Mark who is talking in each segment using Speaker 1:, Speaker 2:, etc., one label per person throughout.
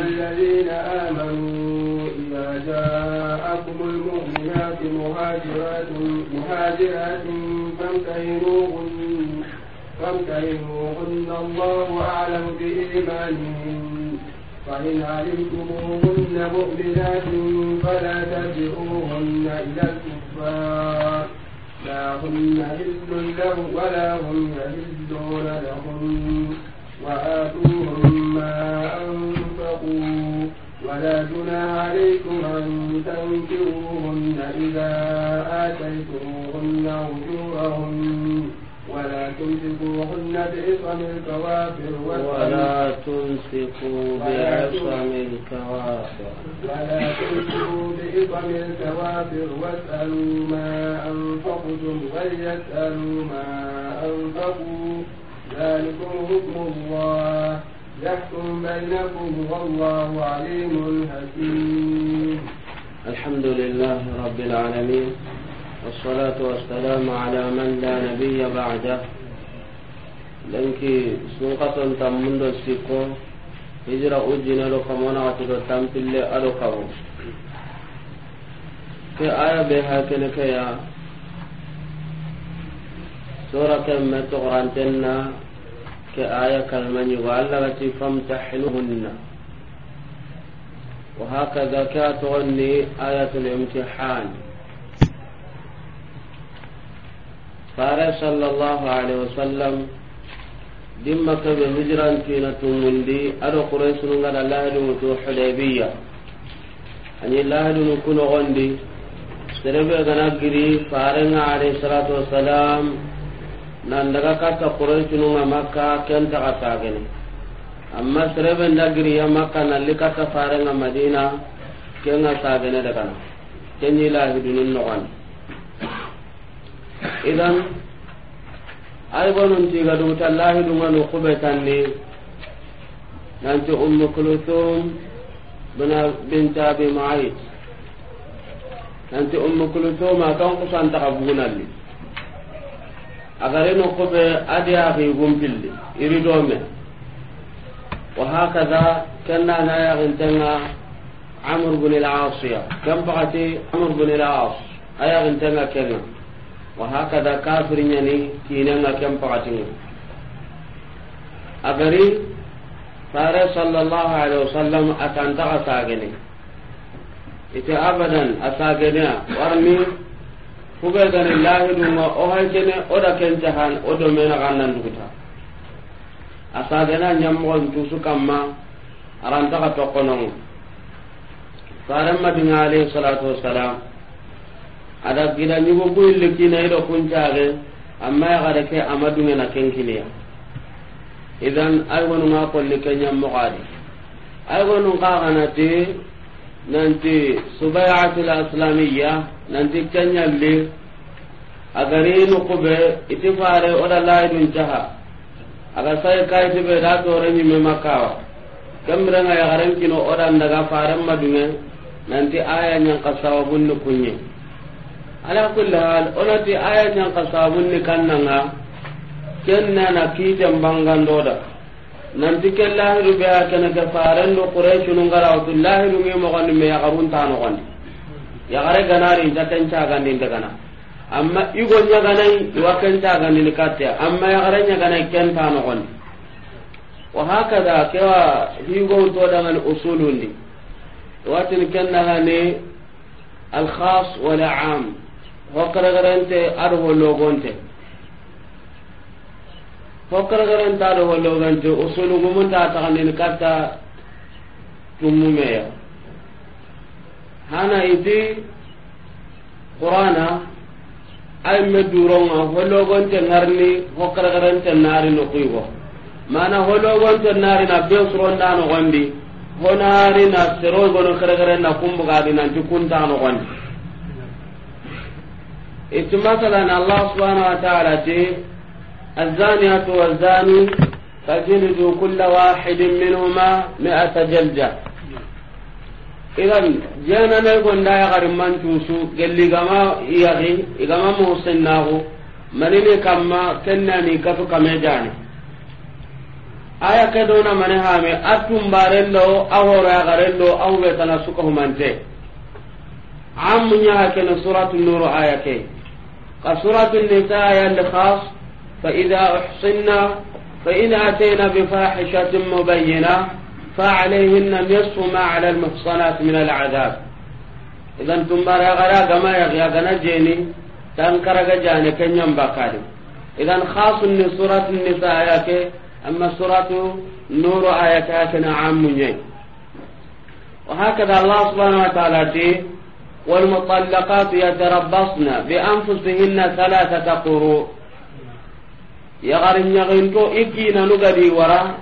Speaker 1: الذين آمنوا إذا جاءكم المؤمنات مهاجرات مهاجرات فامتهنوهن فامتهنوهن الله أعلم بإيمانهن فإن علمتموهن مؤمنات فلا ترجعوهن إلى الكفار لا هن حل له ولا هم يحلون لهم وآتوهم ما أنفقوا تتقوا ولا جناح عليكم أن تنكروهن إذا آتيتموهن أجورهن ولا تمسكوهن بعصم الكوافر ولا تمسكوا بعصم الكوافر ولا تمسكوا بعصم الكوافر واسألوا ما أنفقتم وليسألوا ما أنفقوا ذلكم حكم الله يحكم بينكم والله عليم حكيم
Speaker 2: الحمد لله رب العالمين والصلاة والسلام على من لا نبي بعده لنكي سوقة تم منذ السيكو هجرة أجن لكم ونعطي تم في اللي ألقه في آية بها كلك يا سورة ما تغرانتنا ke aya kalmani wa allagati famtahinuhunna wa hakaza ka togonni ayatul imtihan fare sallallahu alaihi wasallam dimma kabe hijrantina tumundi aɗo quraisunu ngada lahidunutu hudaybiya ani lahidunu kunogondi serebe gana giri farenga alayhi salatu wasalam nan daga katta quraishinunga makka ken ka sagene amma sereben ya makka nalli katta nga madina kenga ken dagana kenni lahidunin noxoni idan aygonuntiga duguta lahidunganu kubetanni nanti ummu kulthum bint abi maid nanti ummu kulthum akan kusantaxa ni. agareno kobe adi axi gumpilli iridome wahakaza kenna na yaxintenga amr bn lasiya ken pakati amr bn las a yaxintenga kenga wahakaza kafirñani kinenga ken pakatinga agari fare sallallahu alaihi wasallam atantaxa sagene ite abadan a sagenea warni kube gani lahi duma o hankene o da ken jahan o do mena kannan duguta asagena ñammogon tusu kamma arantaka tokkonongo farenmatinga alayhi salatu wassalam ada gida ñugo kuyille kina ido kuncaxe amma yaxada ke ama dungena ken kiniya idan ay gonunga kolli ke ñammoxadi ay gonun te. nanti subayatul islamiyya nanti kanyalli agari nukube iti fare oda laidun caha aga sai kai tibe da tore ni me makawa kamra nga yaran kino oda ndaga fare madunga nanti aya nyan kasawabun nukunye ala kulli hal onati aya nyan kasawabun ni kannanga kenna na kitan bangandoda nanti ke lahiru be a kene ke farendo quraichunu ngarawtu lahiru ngi mogondi me ta yagarunta nogondi yagare ganarinta kencagandinte gana amma igo ñaganai iwa kencagandini katte amma yagare ñaganai kenta nogondi wa hakada kewa higontodangani usulundi iwatini kennahani alkhas wala am hokkeregerente aɗo ho logonte fokkargaren ta do hollogante usulugumun ta ta tumu me ya. hana iti qur'ana ay me duronga hologonte ngarni hokkargarante naari nokuygo mana hologonte naari na be suronda nogondi honaari na na serogono keregerenda kumbugadi nanti kunta nogondi itti masalan allah subhanau wa taala ti الزانية والزاني فجلدوا كل واحد منهما مئة جلدة idan jena na gon da ya garin man tusu gelli gama yagi igama musin nago manini kamma kenna ni kafu kame jani aya ke dona mane hame atum barello awora garello awbe tana suka humante amunya hakena suratu nur aya ke ka suratu nisa aya al فإذا أحصنا فإن أتينا بفاحشة مبينة فعليهن نصف ما على المحصنات من العذاب إذا أنتم مرا غرا كما يغيا جيني تنكر جاني كن ينبقى إذا خاص سورة النساء أما سورة نور آياتنا نعم مني وهكذا الله سبحانه وتعالى والمطلقات يتربصن بأنفسهن ثلاثة قروء yagari ñaginto i kiinanu gadi wara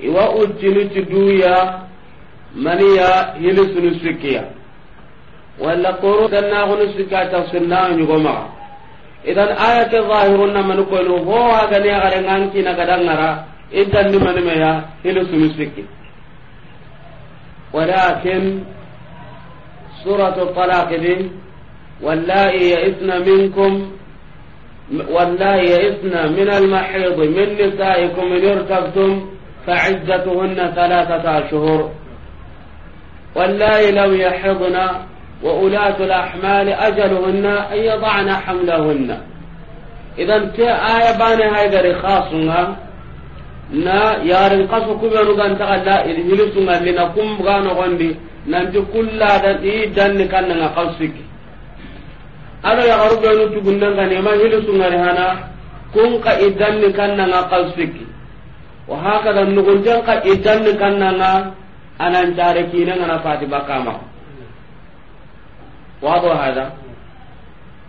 Speaker 2: iwa ujjini ti duya maniya hilisunu sikkiya walla koro gannagunu sikka tafsirnaa ñugomaxa idan aya ke zahirunna mani koyno ho hagani yagare ngan kiina gadangara i danni manimeya hilisunu sikki walakin suratu talaqidi wallai yaisna minkum والله يئسن من المحيض من نسائكم إن ارتبتم فعزتهن ثلاثة أشهر والله لو يحضن وأولاة الأحمال أجلهن أن يضعن حملهن إذا كي آية باني هذا خاصنا نا يا kasu kubenu gan ta alla اذ ngalli لنقم kum gano كل هذا kulla كان نقصك ado ya garu benu tugundan kan ma hilu sungari hana kun ka idan ni kan na qalsiki wa haka dan nugun jan ka idan ni kan na anan tare kina na fati bakama wa do hada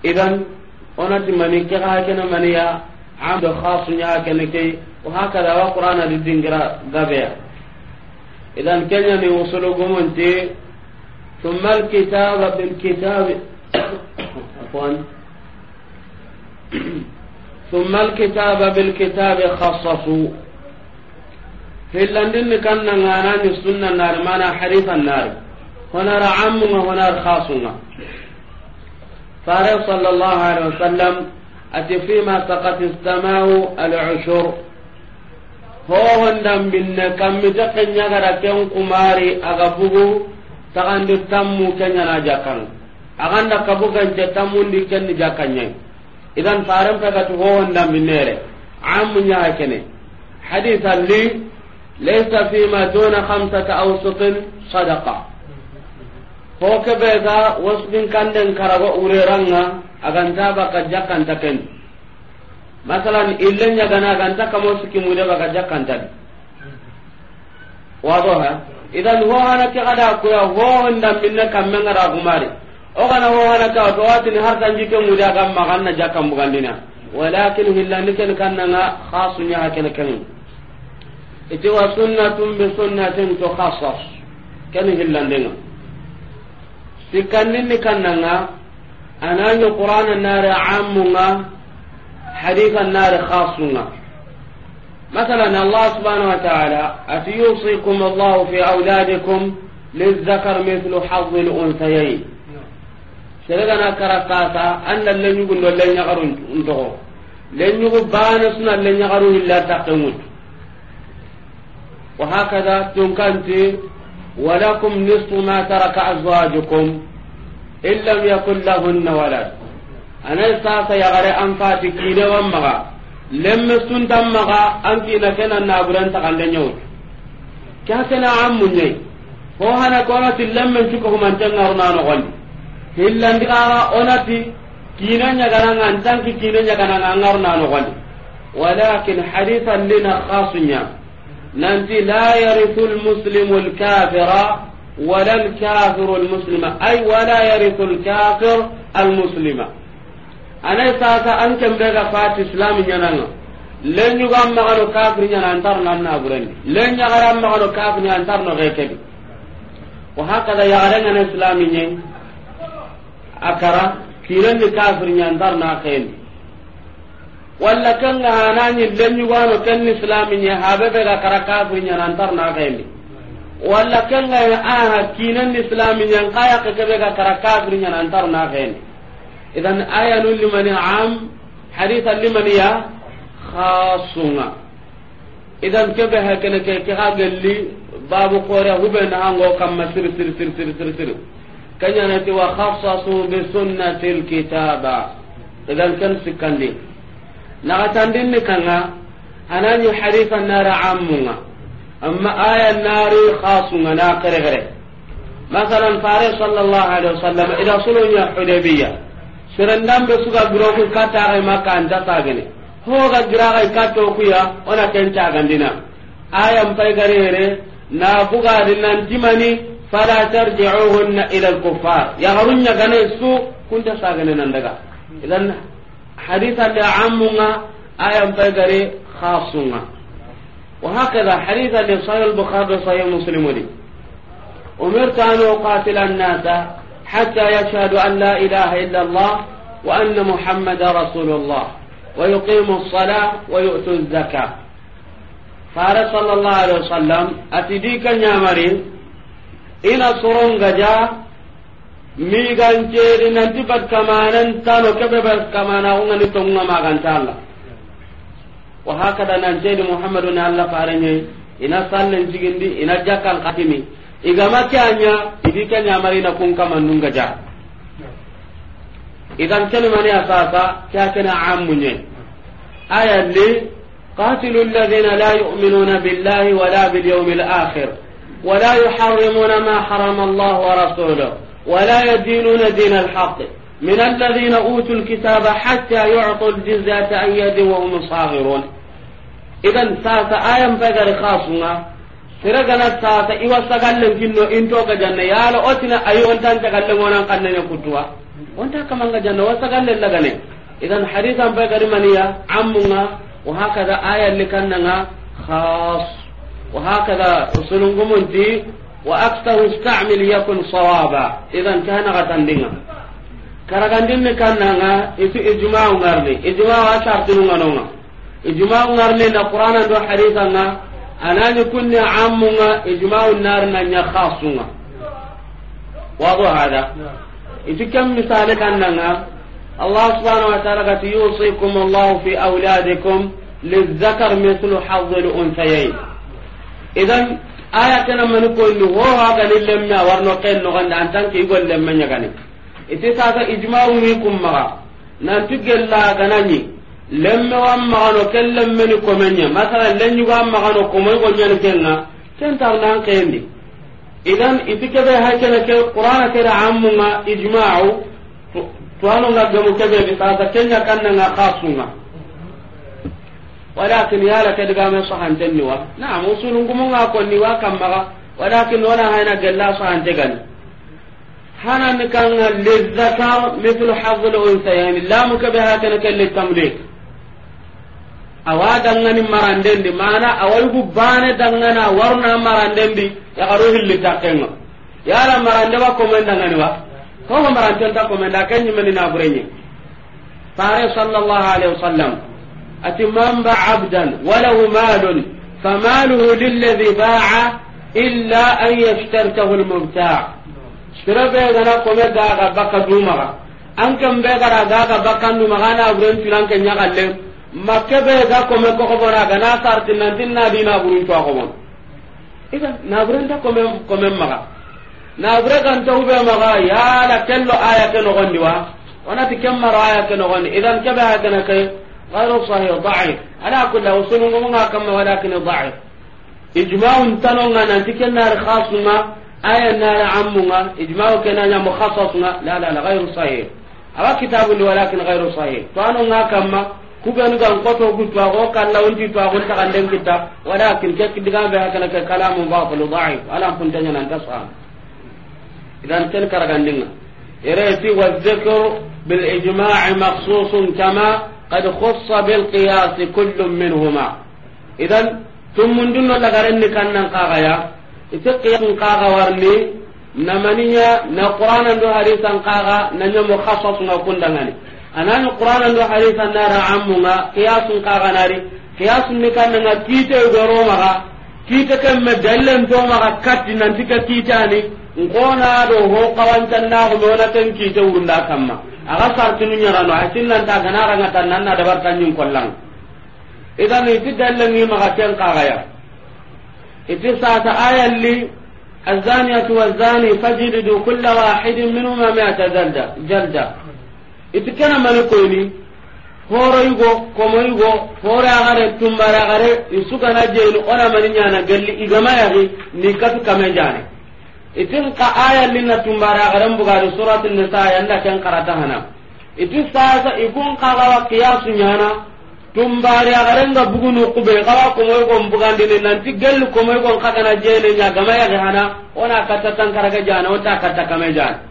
Speaker 2: idan onati mani ke ha kana mani ya amd khasunya kana ke wa haka da wa qur'ana didingira gabe idan kenya ni usulu gumonte ثم الكتاب بالكتاب عفوا ثم الكتاب بالكتاب خصصوا هلان دين كان نغاران السنة النار مانا حريث النار هنا رعام وهنا خاص فارغ صلى الله عليه وسلم أتي فيما سقط السماء العشر هو عندما من كم جاك نجارا كم قماري أغفوه تغند تمو كنجنا جاكنه aganda kabugance tammundi kenni jakkanyai idan faren pegati howondaminere amu ñaha kene li laysa duna sadaka ho keɓega wasudin kanden karago ureranga baka masalan ille ñagana kamo baka wadoha idan hohana ke kada kuya hohondambinne kammengara gumari ogana wowana kawato watini hartanji ke nguda kamma kanna jakkam bugandina walakin hillani ken kannanga khasu ñaha kene ken iti wa sunnatun be sunnatin to khasas ken hillandenga sikkandinni kannanga ananyo qur'ana nare ammunga haditha nare khasunga مثلا الله سبحانه وتعالى أتيوصيكم الله في أولادكم للذكر مثل حظ الأنثيين serega na kara an da lenyu gun do lenya garu ndo lenyu go bana suna lenya garu illa ta kamut wa hakada tun kanti walakum nisfu ma taraka azwajukum illa yakul lahunna walad ana sasa ya gare an fati kide wan maga lemme sun tam maga an kina kana na guran ta kan lenyo kya kana ammunye ho hana kwa ti lemme chukuma tan na ona no hillandigara onati kina ñagananga antanki kina ñagananga angaruna nogondi walakin hadisan lina khasunya nanti la yarithu lmuslimu lkafira wala lkafiru lmuslima ay wala yarithu lkafir almuslima anay sasa an kembega fati islami ñananga len ñugan magano kafir ñana antarno annaburendi len ñagaran magano kafir ñana antarno xekeɓi wa hakada yagarengan islami ñeng akara kirenni kafir ñandar na kendi walla kanga hanani lenyugano ken islami habe habebe ga kara kafir ñanantar na kendi walla kanga aha kinen islami ñan kaya kekebe ga kara kafir ñanantar na kendi idan ayanu limani am haditha limani ya khasunga idan kebe hakene ke ke ha gelli babu qore hubena hango kamma sir sir sir sir sir sir kanyanati wa khassasu bi sunnati alkitaba idan kan sikandi na atandin ni kanga anani harifa nara ammunga amma aya nari khasunga na kare kare masalan fare sallallahu alaihi wasallam ida sulunya hudaybiya sirandam be suga buroku kata ay maka anda tagene ho ga gira ay kuya ona kenta gandina aya mpai na buga dinan timani fala tarji'uhunna ila al-kuffar ya garunya gane su kunta sagane nan daga idan haditha da amunga ayan bagare khasunga wa hakaza haditha li sahih al-bukhari wa sahih muslim wali umirtu an uqatila an hatta yashhadu an la ilaha illa allah wa anna muhammadar rasulullah wa yuqimu as-salah wa fara sallallahu alaihi nyamari ina sorongaja miganceri nanti bat kamanen tano kebe bat kamana ungani tonga maganta Allah wa hakada nanceni muhammadu na Allah farenye ina sallen jigindi ina jakkan katimi igama kanya nya kanya marina kun kama kamannunga ja idan kelimani asasa kya kana amunye aya li qatilu alladhina la yu'minuna billahi wala bil yawmil akhir ولا يحرمون ما حرم الله ورسوله ولا يدينون دين الحق من الذين أوتوا الكتاب حتى يعطوا الجزية عن يد وهم صاغرون إذا ساسا آية فجر خاصنا سرقنا ساسا إيوا سقلن كنو إنتو كجنة يا لوتنا ايوا أنت أنت قلن وانا قلن وانت كمان جنة وسقلن لغني إذا حديثا فجر منيا عمنا وهكذا آية اللي كاننا خاص وهكذا رسولكم دي واكثر استعمل يكن صوابا اذا كان غتندنا كرغندن كاننا اسي اجماع غرني اجماع شرط نونا اجماع غرني ان القران ده حديثنا انا نكون عام اجماع النار نيا خاصنا واضح هذا نعم. اذا كم مثال كاننا الله سبحانه وتعالى يوصيكم الله في اولادكم للذكر مثل حظ الانثيين idan aya kana man ko ni wo ha ga ni lemme warno ken no ganda antan ki igol lemme nya gani ite sasa ijma'u mi kumma nan tigella ganani lemme ma no ken lemme ni komenya masalan ma no ko mo go nya ni ken na ken ni idan iti be ha kana ke qur'ana ke da ammunga ijma'u to anon ga gamu kebe bi sasa kenya kanna nga khasunga walakin yala ke diga me sahanten ni wa na'am usulun gumun kon konni wa kamma walakin wala hayna galla sahante gani hana ni kanga lizzakar mithlu hazzul unsayani lamu ka be hakana kalli tamlik awa dangani marandendi mana awalgu bane dangana warna marandendi ya garu hilli takkenga yala marande wa komen dangani wa ko marande ta komen da kanyi meni na burenye fare sallallahu alaihi wasallam ati man ba abdan walahu malun famaluhu lilladhi ba'a illa an yashtartahu almubta' sira be gana kome gaga baka dumaga an kan be gara gaga baka dumaga na buren tunan kan ya galle makke be ga kome ko kobora gana sartin nan tin na dina burun to ko mon idan na buren ta kome kome maga na bure kan to be maga ya la kello aya ke no gondi wa ona ti kemma aya ke no gondi idan ke be ha kana kai غير صحيح ضعيف على كل وصول ما كما ولكن ضعيف إجماع تنون أن تكن نار خاص ما عمنا إجماع كان مخصصنا لا لا لا غير صحيح أما كتاب ولكن غير صحيح تنون كما kubenu gan koto ku to ko kala unti to ko ta kan kita walakin ke kidiga be hakala ke kalamu batil da'if ala kun tanya nan tasam idan tel karagandinga ere bil ijma' maqsusun kama قد خص بالقياس كل منهما إذا ثم من دون لغرني كان نقاغيا إتقيا نقاغا ورني نمنيا نقرانا دو حديثا نقاغا نجم مخصص نقول لغني أنا نقرانا دو حديثا نارا عمونا قياس نقاغا ناري قياس نكان نغا كيتا يدرومغا كيتا كم دلن دومغا كاتي نانتكا كيتاني نقونا دو هو قوانتا ناغ مونا تنكيتا ورندا كما aga sartinu ñarano a sinnanta gana rangata nanna dabartanñin kollang idan iti dallengi maga ken kaxaya iti sasa ayalli الزانية والزاني فجلدوا كل واحد miata zalda جلدة iti إتكنا من كوني horo yugo komo yugo hore agare tumbara agare isugana jeni ona mani nyana galli igama yagi ni katu kame jani itin ka aya linna tumbara garan bugari suratul nisa yanda kan karata hana itu sasa ibun kawa qiyasu nyana tumbari garan da bugunu kube kawa ko moy ko bugande ne nanti gel ko moy ko kadana jene nya gama ya hana ona kata tan karaga jana ota kata kame jana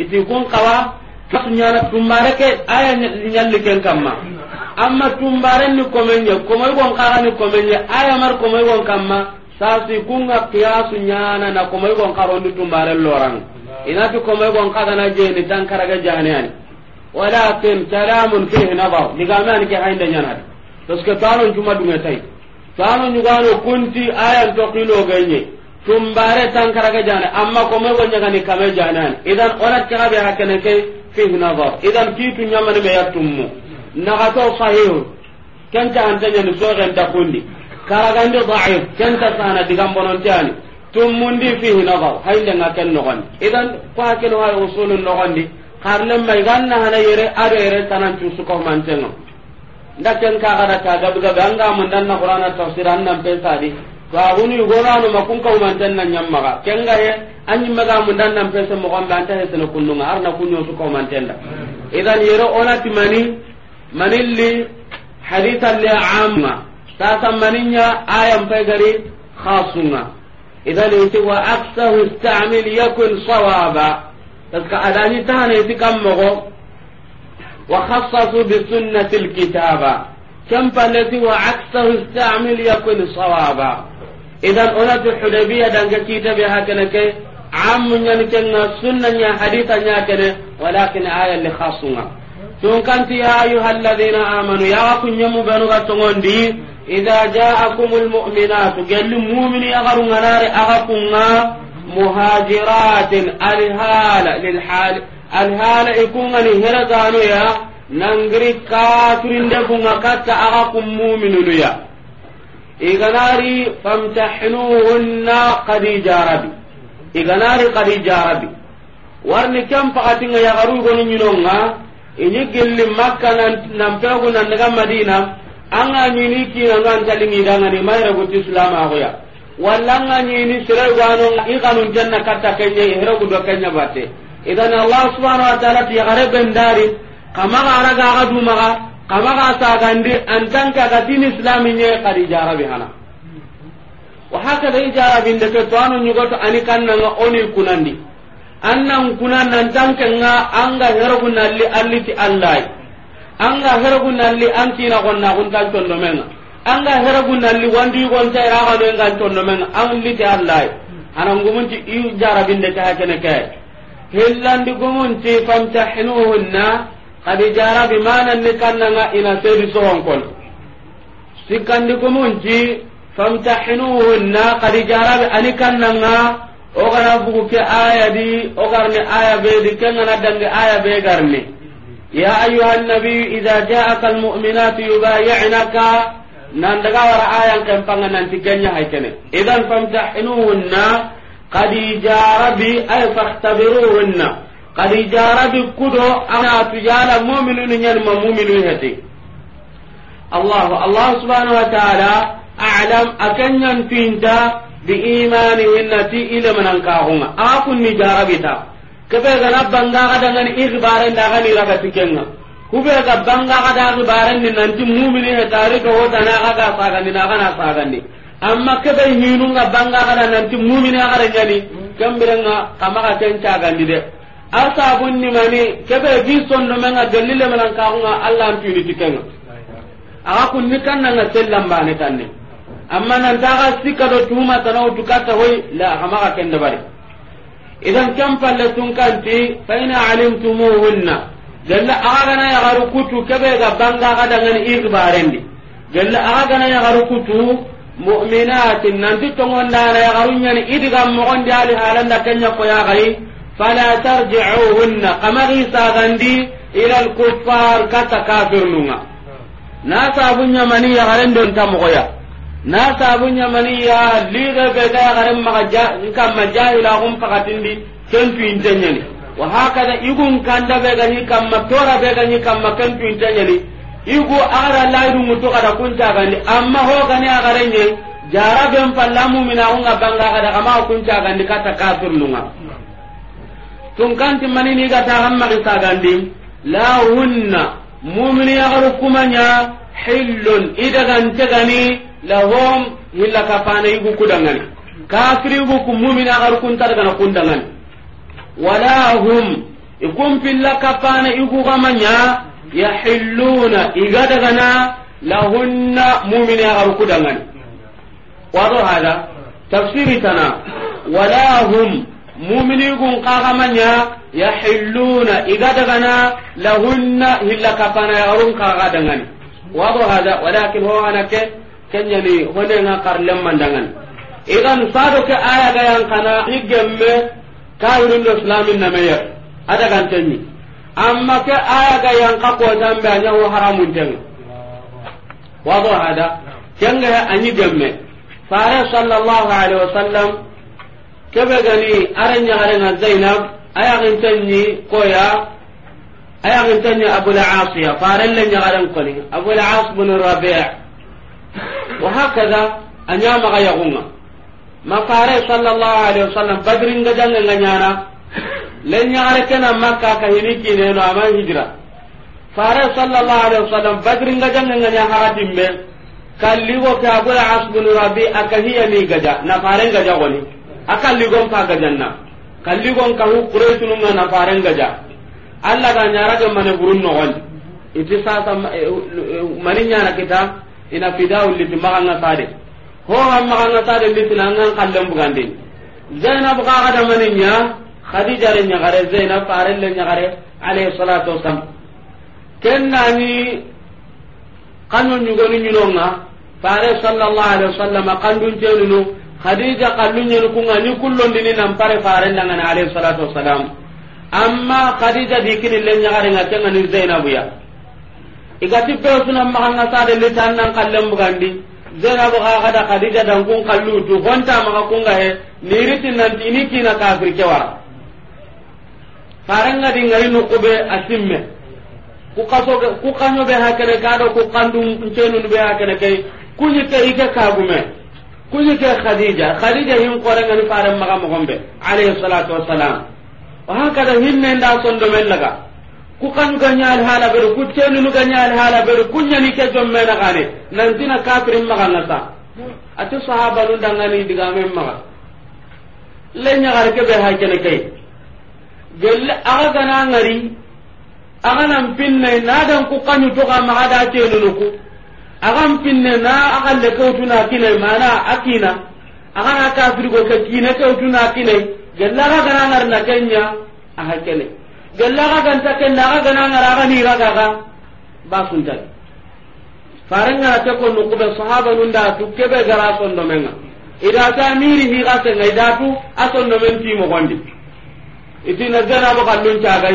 Speaker 2: itu kun kawa kasu nyana tumbare ke aya nyalli ken kamma amma tumbare ni komen nya ko moy ko kaga ni komen nya aya mar ko moy ko kamma sasi kunga qiyasu nyana na ko mai gon karondi tumbare lorang ina ko mai gon kaga na jeni tan karaga jani ani walakin kalamun fihi nadar digaman ke hainde nyana to ske tanon cuma dunga tai tanon nyugano kunti ayan to kilo ganye tumbare tan karaga jani amma ko mai nyaga ni kame jani ani idan onat kaga be hakene ke fihi nadar idan kitu nyamane be yatummu nagato sahihu kenta antanya ni sogen dakundi karagande da'if kenta sana digam bonontiani tumundi fihi nagaw hayle nga ken nogondi idan kwa keno hay usulun nogondi karne mai ganna hana yere ado yere tanan cusu ko mantenga nda ken ka gara ta gabu gabu mun dan na qur'ana tafsir an nan pesa di to agunu yugoranu makun ko mantenna nyamma ga kenga he anyi maga mun dan nan pesa mo gamba anta he tana kunnunga arna kunyo su ko mantenda idan yere ona timani manilli hadithan li amma takammaninya ayan fai gari khasuna idan iti wa aksahu istamil yakun sawaba daga adani tahana kan kammogo wa khassasu bi sunnati alkitaba kam palati wa aksahu istamil yakun sawaba idan onatu hudabiya danga kitabe hakana ke ammu nyani ya sunnanya ya kene walakin aya li khasuna tun kanti ya ayuha alladhina amanu ya kunyamu banu gatongondi idha ja'akumul mu'minatu gelli mu'mini agaru ngalare aga kunga muhajiratin alhala lilhal alhala ikunga ni heradanu ya nangri kafirinde kunga katta aga kum mu'minu ya iganari famtahinuhunna qadija rabbi iganari qadija rabbi warni kam pakati ngaya garu goni nyinonga inyi gelli makka nan nampego nan daga madina anga nyini kina ngan ni danga ni mayra gutti sulama agoya walla anga nyini sirai wano i kanun janna katta kenya hero gudo kenya bate idan allah subhanahu wa ta'ala ti gare dari kama ga aga ma kama ga sagandi antan ka ga din islam nye qadi jarabi hana wa haka dai jarabi ndeke to anu nyugoto ani kanna nga oni kunandi annan kunan nan nga anga hero alli alliti allah anga heragu nalli an kina gonna kun tan tondo menga anga heragu nalli wandi gon tay raga do ngal tondo menga an li ta allah anan gumunti i jarabin de ta kene kay hillandi gumunti famtahinuhunna qad jarabi manan ni kannanga ina sebi sohon kon sikandi gumunti famtahinuhunna qad jarabi ani kannanga ogara bugu ke aya di ogarni aya be di kengana dangi aya be garni يا أيها النبي إذا جاءك المؤمنات يبايعنك nan daga wara ayan kan panga nan tiganya haikene idan famtahinuhunna qad jarabi ay fahtabiruhunna qad jarabi kudo ana tujala mu'minun nyal ma mu'minun hati Allah Allah subhanahu wa ta'ala a'lam akanyan tinda bi imanihinna ti ila manan kahunga akun kebe gana banga ga dangani igbaren da ga ni raga tikenga kube ga banga ga da igbaren ni nanti mu'mini he tare ko hota na ga ga saga ni na ga na saga ni amma kebe hinu ga banga ga da nanti mu'mini ga da nyani kambirenga kama ga kenca ga ni de asa bunni mani kebe bi son sondo menga dalile manan ka hunga Allah an tuni tikenga aga kunni kanna na sellam bane tanne amma nan ta ga sikka do tuma tanaw dukata hoy la kama ga kenda bari idan kam palle tun kanti fa ina alimtumuhunna galla aga na yagaru kutu kebe ga banga ga dangan igbarendi galla aga na yagaru kutu mu'minatin nanti tongon da na yagaru nyani idiga mo on dali halanda kenya ko ya gai fala tarji'uhunna kamari sagandi ila al-kuffar kata kafirnunga na sabunya mani yagarendon tamoya na sabu ñamaniya liga be ga garen maga kamma jahila gum pakatindi kentu intenyani wa hakada igun kanda be gani kamma tora be gani kamma kentu intenyani igu ara laidu mutu kada kunta gani amma ho gani agarenye jara ben pallamu mina hunga banga kada kama kunta gani kata kafir nunga tun kanti manini ga ta hamma ga sagandi la hunna mu'mini yagaru kumanya hillun idagante gani lahum hilla kapana igu kudangani kafiri igu kumumina agar kuntar gana kundangani wala hum ikum pilla kapana igu gamanya yahilluna igada gana lahunna mumina agar kudangani wado hada tafsiri tana wala hum mumini gun kagamanya yahilluna igada gana lahunna hilla kapana agar kagadangani wado hada walakin huwa anake kenyani hone nga karlem mandangan idan sado ke aya ga yang kana higemme da islamin na meyer ada kan tenni amma ke aya ga yang ka ko tambe anya ho haramun den wado hada kenga anyi gemme fara sallallahu alaihi wasallam kebe gani aranya aranya zainab aya kan tenni koya aya kan tenni abul asiya fare ya garan koni abul as bin rabi' wa hakaza anya maga yagunga sall sallallahu alaihi wasallam badrin ga jangan nganyana len nyaare kana makka ka hini kine no aman hijra fare sallallahu alaihi wasallam badrin ga jangan nganya haratim be kalli go ka go asbun rabbi akahiya ni gaja na fare gaja goni akalli gon pa gajanna kalli gon ka hu quraytu na fare gaja allah ga nyaara ga mane burun no wal iti sasa mani nyaara kita ina fidawu liti maganga sade ho ham maganga sade liti nan nan kallam bugande zainab ga ga damane nya khadija re nya gare zainab fare le nya gare alayhi salatu wasalam kenna ni kanu nyugo ni nyinonga fare sallallahu alaihi wasallam kandun tenu khadija kallun nyenu kunga ni kullon dini nan pare fare ndangana alayhi salatu wasalam amma khadija dikini le nya gare ngatenga ni zainab ya igati pew suna maxanga sadeli tan nan kallen bugandi zenabu ha da khadija dankun kallutu honta maxa kunga he nan dini ki kina kafir ke faranga di ngari nuqube a asimme ku kaso be ha kene ka do ku kandu ncenunu be ha kene kay kuñike ike kagume ke khadija khadija hin ni ma ga mo gombe alayhi salatu wassalam wa hakada hinne nda sondomen laga ku kanu ganya al hala beru ku tenu nu hala beru ku ni ke jomme na gane nan dina kafirin maga nata ati sahaba lu dangani diga mem le nya ke be ha aga gana ngari aga pinne na dan ku kanu to ga nu ku aga pinne na aga le ko kine mana akina aga na kafir go ke kine ko kine aga gana na kenya aha kene gellaga ganta ken naga gana ngara ga ni raga ga ba sunta faran ngara ta ko nuku be sahaba nun da tu kebe gara son do menga ida ta miri hi ga sen da tu ason do men ti mo gondi iti na gana kan kallun ta ga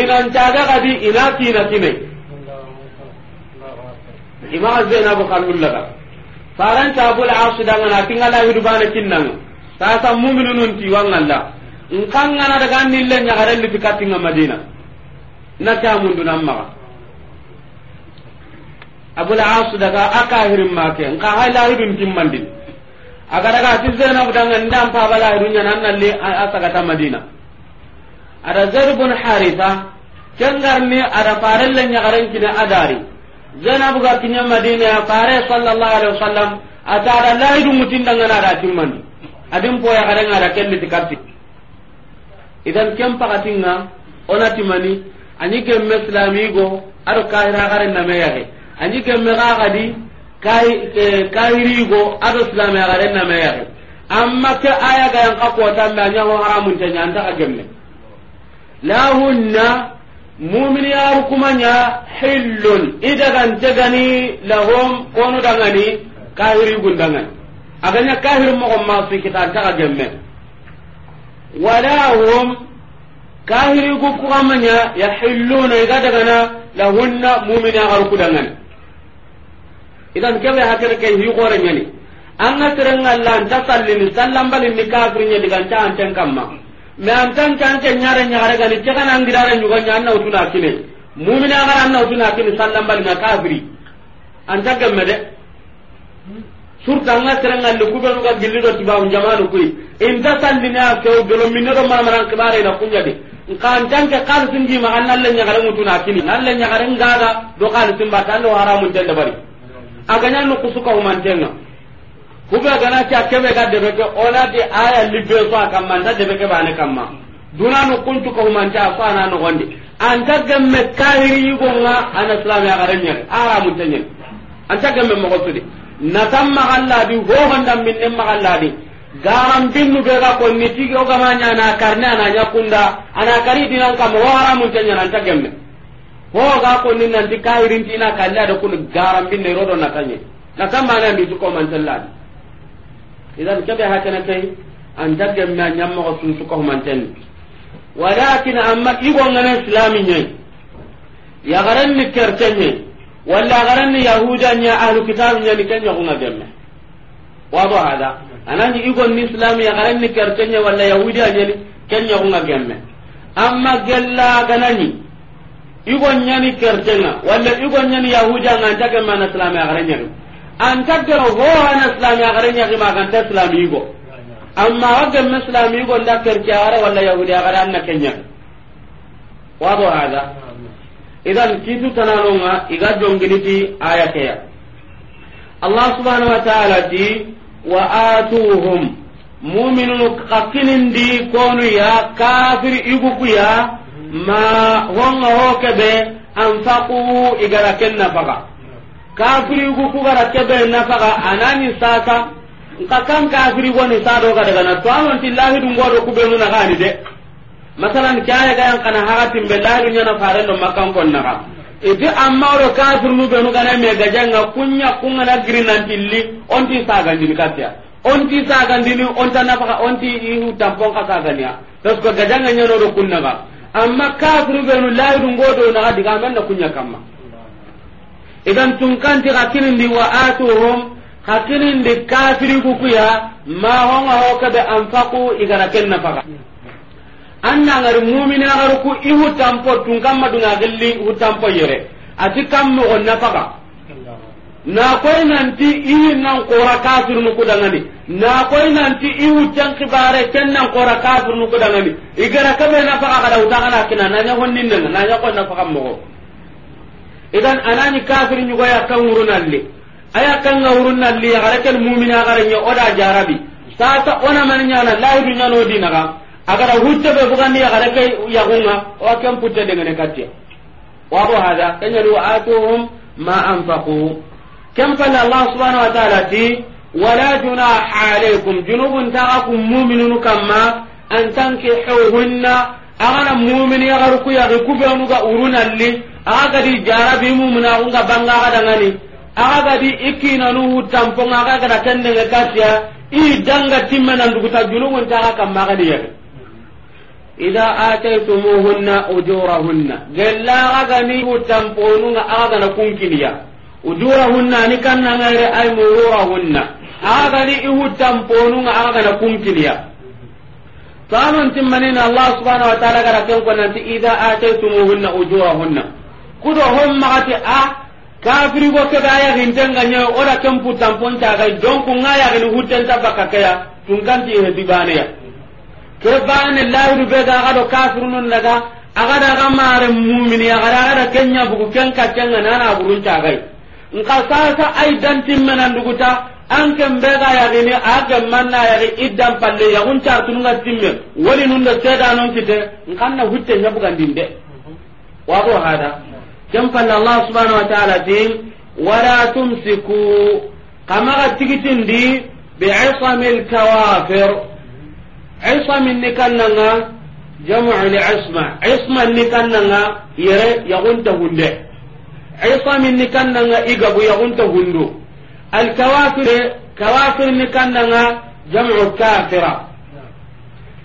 Speaker 2: ina ta ga ga di ina ti na ti ne imam zaina ba kallun laga faran ta bul asu da ngana tingala hidu bana kinnanga ta sa mu'minun ti wangalla nkangana daga annille ñagarelli ti nga madina na nake ma abu abul as daga akahirin make nka hay lahidun timmandin aga daga ti zainabu danga ndam paba lahidun ñana annalli asagata madina ada zaid bun haritha kengarni ada farelle ñagarenkine adari zainabu ga kinya madina ya fare sallallahu alaihi wasallam ata ada lahidun mutindangana ada timmandi adin poya garenga ada kelli ti idan kem pakatinga onati mani anyi gemme silamigo ado kahira gare name yage anyi gemme gagadi kahirigo ado silami gare name yage amma ke aya ga yanka kotambe anyaho haramun tanya antaka gemme lahunna mumin yaru kumanya hillun idagante gani lahum konu dangani kahirigun dangani aganya kahir mogon masu kita antaka gemme wala hum kahiri ku kugamanya yahilluna iga dagana lahunna mumina garku dangani idan kebe hakene ke hi gore nyani anga terenga Allah anta sallini sallam balin ni kafirnya digan ta anten kamma me an antan tanke nyare nyare gani cekan angirare nyugo na utuna kine mumina an na utuna kine sallam balin kafiri ta gemme de surta nga serenga le ku benu ga gilli do tibaw jamanu kuy inta sandina kew gelo minne do maran kibare na kunya de kan tan ke kan singi ma an nalle nyagare tuna kini nalle nyagare da do kan ba tan do haramun tan da bari aganya no kusuka umantenga kuga gana ta be ga de ke ona de aya be so man da de beke bane kamma duna no kuntu ko ta fa na no gonde anta gamme kahiri yugo nga ana islam ya garenya haramun ta anta gamme mo ko natam magalladi ho handam minne magalladi garam binnu be ga ko ni tigi o gamanya na karne ana kunda ana kari dinan kam ho mun tanya nan tagamme ho ga ko ni nan di kairin tina kalla da kun garam binne rodo na tanye na tamma na mi ko man talladi idan kabe hakana kai an tagamme an mo ko sun su ko man tan walakin amma igon ngana islami ne ya garan ni kertenye garan ni yahuda nya ahlu kitab nya ni kenya kunga gemme wado hada anani igon ni islam ya ni kertenya wala yahuda nya ni kenya kunga gemme amma gella ganani igon nya ni kertenga wala igon nya ni yahuda nga jaga mana islam ya garanya an tagga ho na islam ya ki ma kan ta islam igo amma wagga islam igo nda kertiya walla yahuda na kenya wado hada idan kitu tananonga iga jonginiti aya keya allah subhanahu wa ta'ala di wa atuhum mu'minun di konu ya kafir iguku ya ma honga hokebe anfaqu igara kenna faga kafir iguku gara kebe nafaga anani sata nka kan kafir woni sado ga daga na to amanti lahi dum godo kubenu na gani de masalan kaya ga yan kana haga timbe lalu nyana fare do makan kon naga iti amma ro kafir mu be nu kana me ga janga kunya kunga na grinan tilli onti saga din katya onti saga din onta na fa onti ihu tampon ka saga nya tas ko ga janga nyano ro kunna ga amma kafir be nu lalu ngodo naga diga men na kunya kamma idan tun kanti hakinin di wa atuhum hakinin di kafiri kukuya ma honga hokabe anfaqu igara kenna faga anna ngar mu'minin ngar ku ihu tampo tun kamma dunga gelli hu tampo yere ati kam mo na faga na koy nanti ihi nan qora kafir nu kudangani na koy nanti ihu tan kibare ken nan qora kafir nu kudangani igara kabe na faga kada utangana kina nanya honnin nan nanya ko na faga mo idan anani kafir nyugo goya ka wurunalli aya kan ga wurunalli ya garakel mu'mina garanya oda jarabi sata ona man nyana lahi dunya no dinaga agara hutte be bugandi agara kay yagunga wa kam putte de ngene katte wa bo hada kanya lu atuhum ma anfaqu kam qala allah subhanahu wa ta'ala ti wala junaha alaykum junubun ta'akum mu'minun kama an tankihuhunna agana mumini yagaru ku yagi kubenuga urunalli aga gadi jarabi muminagunga banga aga dangani aga gadi ikinanu huttamponga aga gada kendenge kasiya i danga timme nanduguta junubun ta'a kamma agadi yagi ida ataytumuhunna ujurahunna gella aga ni utamponu nga aga na kunkiniya ujurahunna ni kanna ngare ay murahunna aga ni utamponu nga aga na kunkiniya tanon timmanina allah subhanahu wa ta'ala gara ken konanti ida ataytumuhunna ujurahunna kudo hom magati a kafiri go ke daya hintanga nya ora tampu tampon ta ga jonku ngaya ni hutenta bakakaya tunkanti he baniya. kirbaan lahir be ga gado kafirun daga aga daga mare mu'mini aga da kenya bugu ken ka kenga nana burun tagai nka sa ai dan timmenan duguta an ken be ga ya gini aga manna ya gi iddan palle ya gun tun tununga timme wali nun da seda non kite kan na hutte nya bugan dinde wa go hada kem fa allah subhanahu wa ta'ala din la tumsiku kama ga tigitin di bi'asamil kawafir isam ni kannanga jamu li isma isma ni kannanga yere yagunta hunde isam ni kannanga igabu yagunta hundu al kawafir kawafir ni kannanga jamu kafira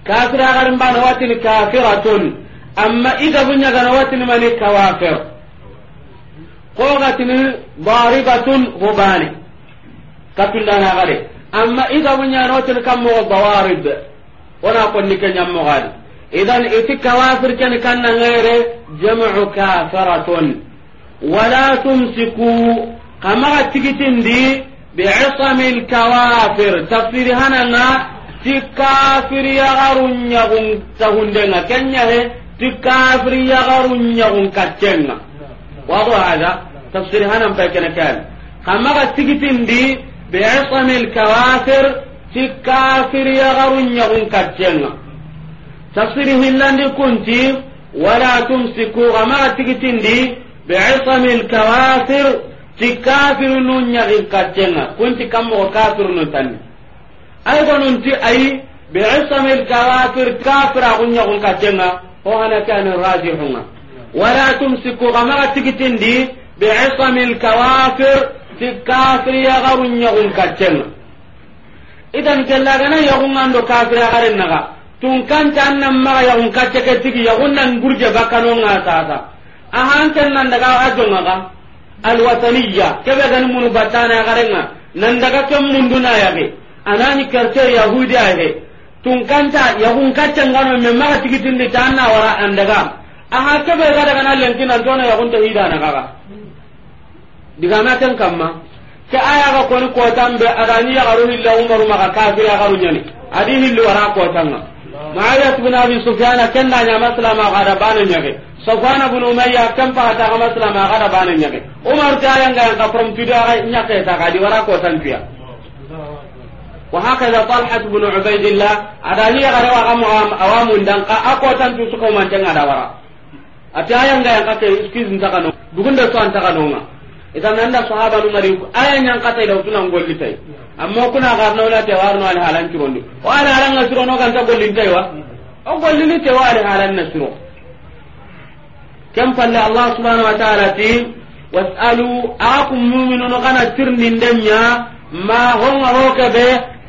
Speaker 2: kafira garin bana kafira tun amma igabu nyagana watini mani kawafir kogatini daribatun hubani katundana gare amma igabu nyagana watini kammo dawarib wona konni ke ñammogadi idan iti kawafir keni kannangere jamu kafaraton wala tumsiku kamaga tigitindi bicisami lkawafir tafsiri hananga ti kafiri yagarun ñagun tahundenga kenyahe ti kafiri yagarun ñagun kaccenga wado hada tafsiri hanan pay kene ken kamaga tigitindi bicisami lkawafir ti kafiri yagaru ñagun kattenga tafsiri hillandi kunti wala tumsiku gama tigitindi biisami lkawafir ti kafiru nu ñagin kattenga kunti kammogo kafiru nu tanni ay gonunti ayi biisami lkawafir kafiragu ñagun kattenga ho hana kani rajihunga wala tumsiku gama tigitindi biisami lkawafir ti kafiri yagaru ñagun kattenga idan kellagana yaxungando kafira garin naga tun kan an nan maxa yaxun ke tigi yaxun nan gurje ta a han ken nan daga a jongaxa alwataniya keɓe gani mun batana a na nan daga duna ya be anani kerte yahudi ahe tun kanta yaxun ngano me tigi tin ta an na wara an daga aha keɓe ya dagana lenkinan tona yaxunta diga digama ken kamma ke aya ga koni kotan be aga ya garu illa umaru maka kafir ya garu nyani adi hillu wara kotan na ma'awiya ibn abi sufyan kenna nya maslama ga da bana nyage sufyan ibn umayya kan fa ta maslama ga da bana nyage umar ta yang ga ka from tudu nya ke ta ga di wara ko tan tuya wa hakaza talha ibn ubaidillah adani ya garu aga awamu dan ka ako tan tu suka man tanga da wara ataya nga yang ka ke excuse ntaka no dugunda so antaka no ma idan nan da sahaba nu mari aya nyan kata da tunan golli tay amma kuna garna wala te warno al halan turondi wa ala halan na no kan ta golli tay wa o golli ni te wala al halan nasiro kam falla allah subhanahu wa ta'ala ti was'alu akum mu'minuna kana tirnin danya ma honga hoke be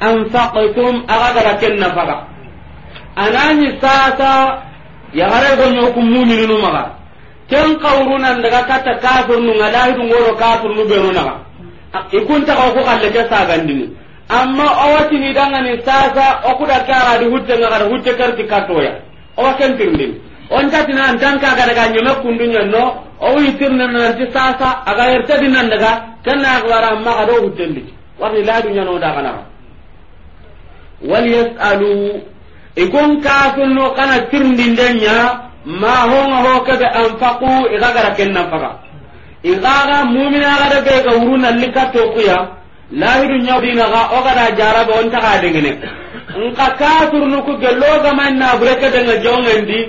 Speaker 2: anfaqtum aga daga ken nafaqa anani sasa ya hare gonyo kum mu'minuna maga ken kawruna daga kata kafir nu ngalahi dun ngoro kafir nu beru naga ikun ta ko kalle ke sagandini amma awati ni dangani sasa kuda kala di hutte ngara hutte kato katoya awa ken tirndini on tatina an tan kaga daga nyeme kundu no o tirna nan ti sasa aga yerta nan daga kanna akwara amma ga do ndi wani la dunya no daga na wal yasalu ikun kafir no kana tirndindenya ma honga ho kebe anfaqu iga gara ken nan faga igaga mu'mina gara be ga uruna lika to kuya lahidu nyawdina ga o jara jaraba on taga dengene nka kafir nu ku gello ga man na bureke de ga jongendi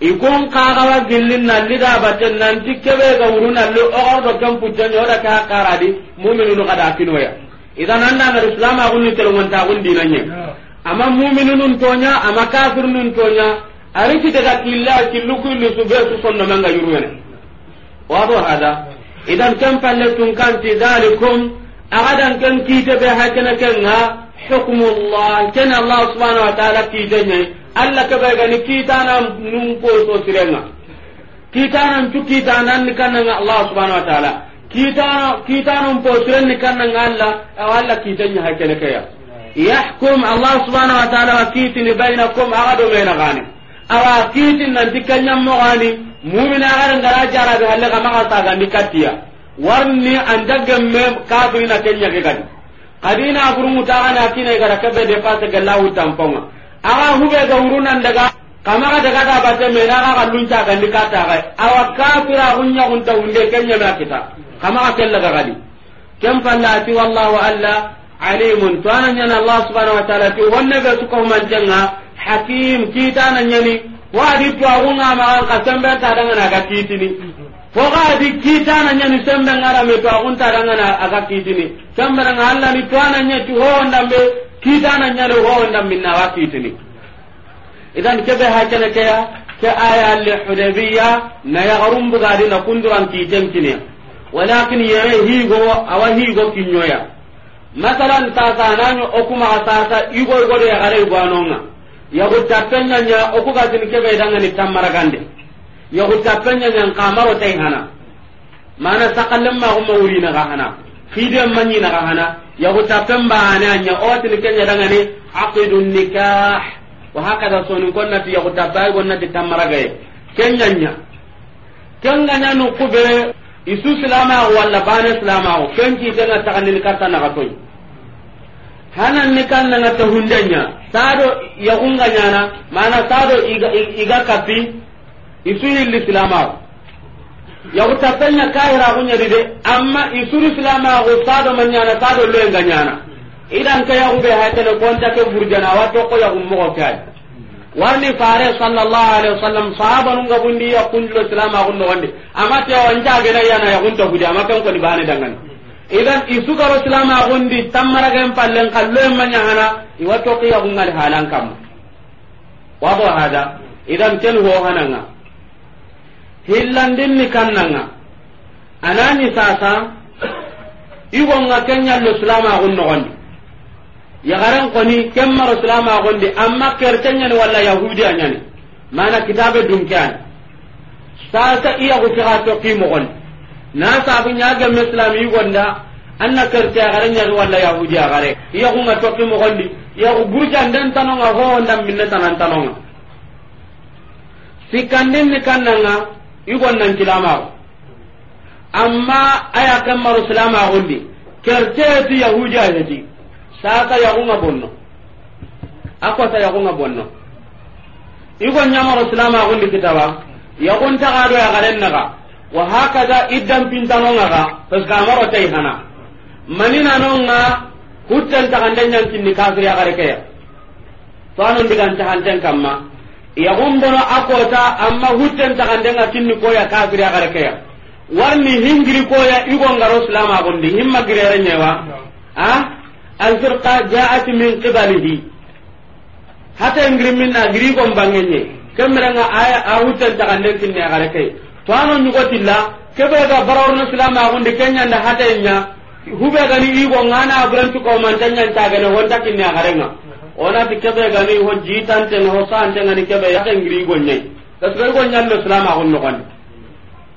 Speaker 2: ikon kaga wa gillin na lida baten nan tikkebe ga uruna lu o gar do kam putanyo da ka karadi mu'minu nu kada kinoya idan anna na islam agunni telonta agundi nanye amma mu'minu nun tonya amma kafir nun tonya ari daga ga killa killu kullu su be su sonno manga yurwene wa do hada idan kan palle tun kan ti dalikum agadan kan kite be hakana kenga hukmu allah kana allah subhanahu wa ta'ala kite ne allah ka be ga ni nan num ko so sirenga nan tu nan ni nan allah subhanahu wa ta'ala kitana kitana po allah kananga allah alla kite ne hakana kaya yahkum allah subhanahu wa ta'ala wa kitini bainakum agadu bainakum awa kiitin nanti kenñammoxoani mumina xaren ngara jaraɓe halle xamaxa sagandi kattiya warni anda gemme kafirina kenñake kadi kadina furmutaxana kina e gara keɓe dépasse gella wuttanponga axa huɓega wurunan daga kamaka daga ta batte mena axa xalluncagandi kattaxay e. awa kafira xunñaxunta hunde kenñame a kita kamaxa kellaga xadi ken fallati wallahu alla alimun to ana ñana allah subhanau wa taala ti honne ɓe sukahumancenga hakim kitana nyani wadi tu aku ma ka sembe ta danga na ga kitini ko ga di kitana nyani sembe ngara me to agun ta danga na aga kitini sembe nga alla ni to ananya ti ho ndambe kitana nyani ho ndambe na wa kitini idan kebe ha kana caya ke aya al hudaybiya na ya garum bugadi na kunduran kitem kini walakin yere higo awa higo ya masalan tasa nanyo okuma tasa igo igo de ya gare ibanonga yaguttappennanya oku gatini keɓe dangani tammaragande yaguttappennanya nkamaro tay hana mana sakallen maxuma wurinaga hana fide fiden mañinaga hana ba yaguttappen mbaane anya owatini kenya dangani aqidu nikah wa hakada sonin konnati yaguttappe ay gonnati tammaragaye kenyanya ku nukuɓe isu silamaxu walla bane silamaxu kenkitenga ni karta naxa toyi. hanan ni kan nanga ta hundanya sado ya unganya nyana mana sado iga iga kapi isuri lislama ya utapenya kaira kunya dide amma isuri islama go sado manyana sado enganya nyana idan kaya ube hatene konta ke burjana to ko ya ummo kai warni fare sallallahu alaihi wasallam sahaba nunga bundi ya kunlo islama no wande amma te wanja gena yana ya kunta hujama kan ko ni bane dangane idan isugaro silama gundi tammaragen pallen kalloen manyahana iwa toqiyagungal halan wa wado hada idan ken hohananga hillandinni kannanga anani sasa igonga gunno gon ya garan koni ken maro gundi amma ni walla yahudiya nyani mana kitabe dunkan sasa iyagu kiga toqi mogondi na sabu ga muslimi wanda anna karte agare nyaga walla yahudi agare iya kunga tokki mo gondi iya ku burjan den tanonga ho ndam minna tanan tanonga sikandin ni kannanga igon nan kilama amma aya kan maru salama gondi karte tu yahudi ahedi saka yagunga bonno akwata yagunga bonno nya nyamaro salama gondi kitaba yagun tagado ya garen naga wa hakaza iddan pintanongaga parce que amarotay hana kaya to kafiri digan ta toanondigantaxanten kamma yaxumbono a akota amma huttentaxandenga kinni koya ya axare kaya warni hingiri koya igongaro silamaxundi himma ha al firqa jaat min qibalihi hata ingrimin na giri gombangenye kemrenga a huttentaxanden kinni axare kaya to ano nyugotilla kebe ga barawrno silama gunde kenyanda hatenya hube ni igo ngana aburantu ko mantanya tagane honta kinne agarenga ona ti kebe ni ho jitante no sante ngani kebe ya ngri igo nyai tasre igo nyallo silama no kan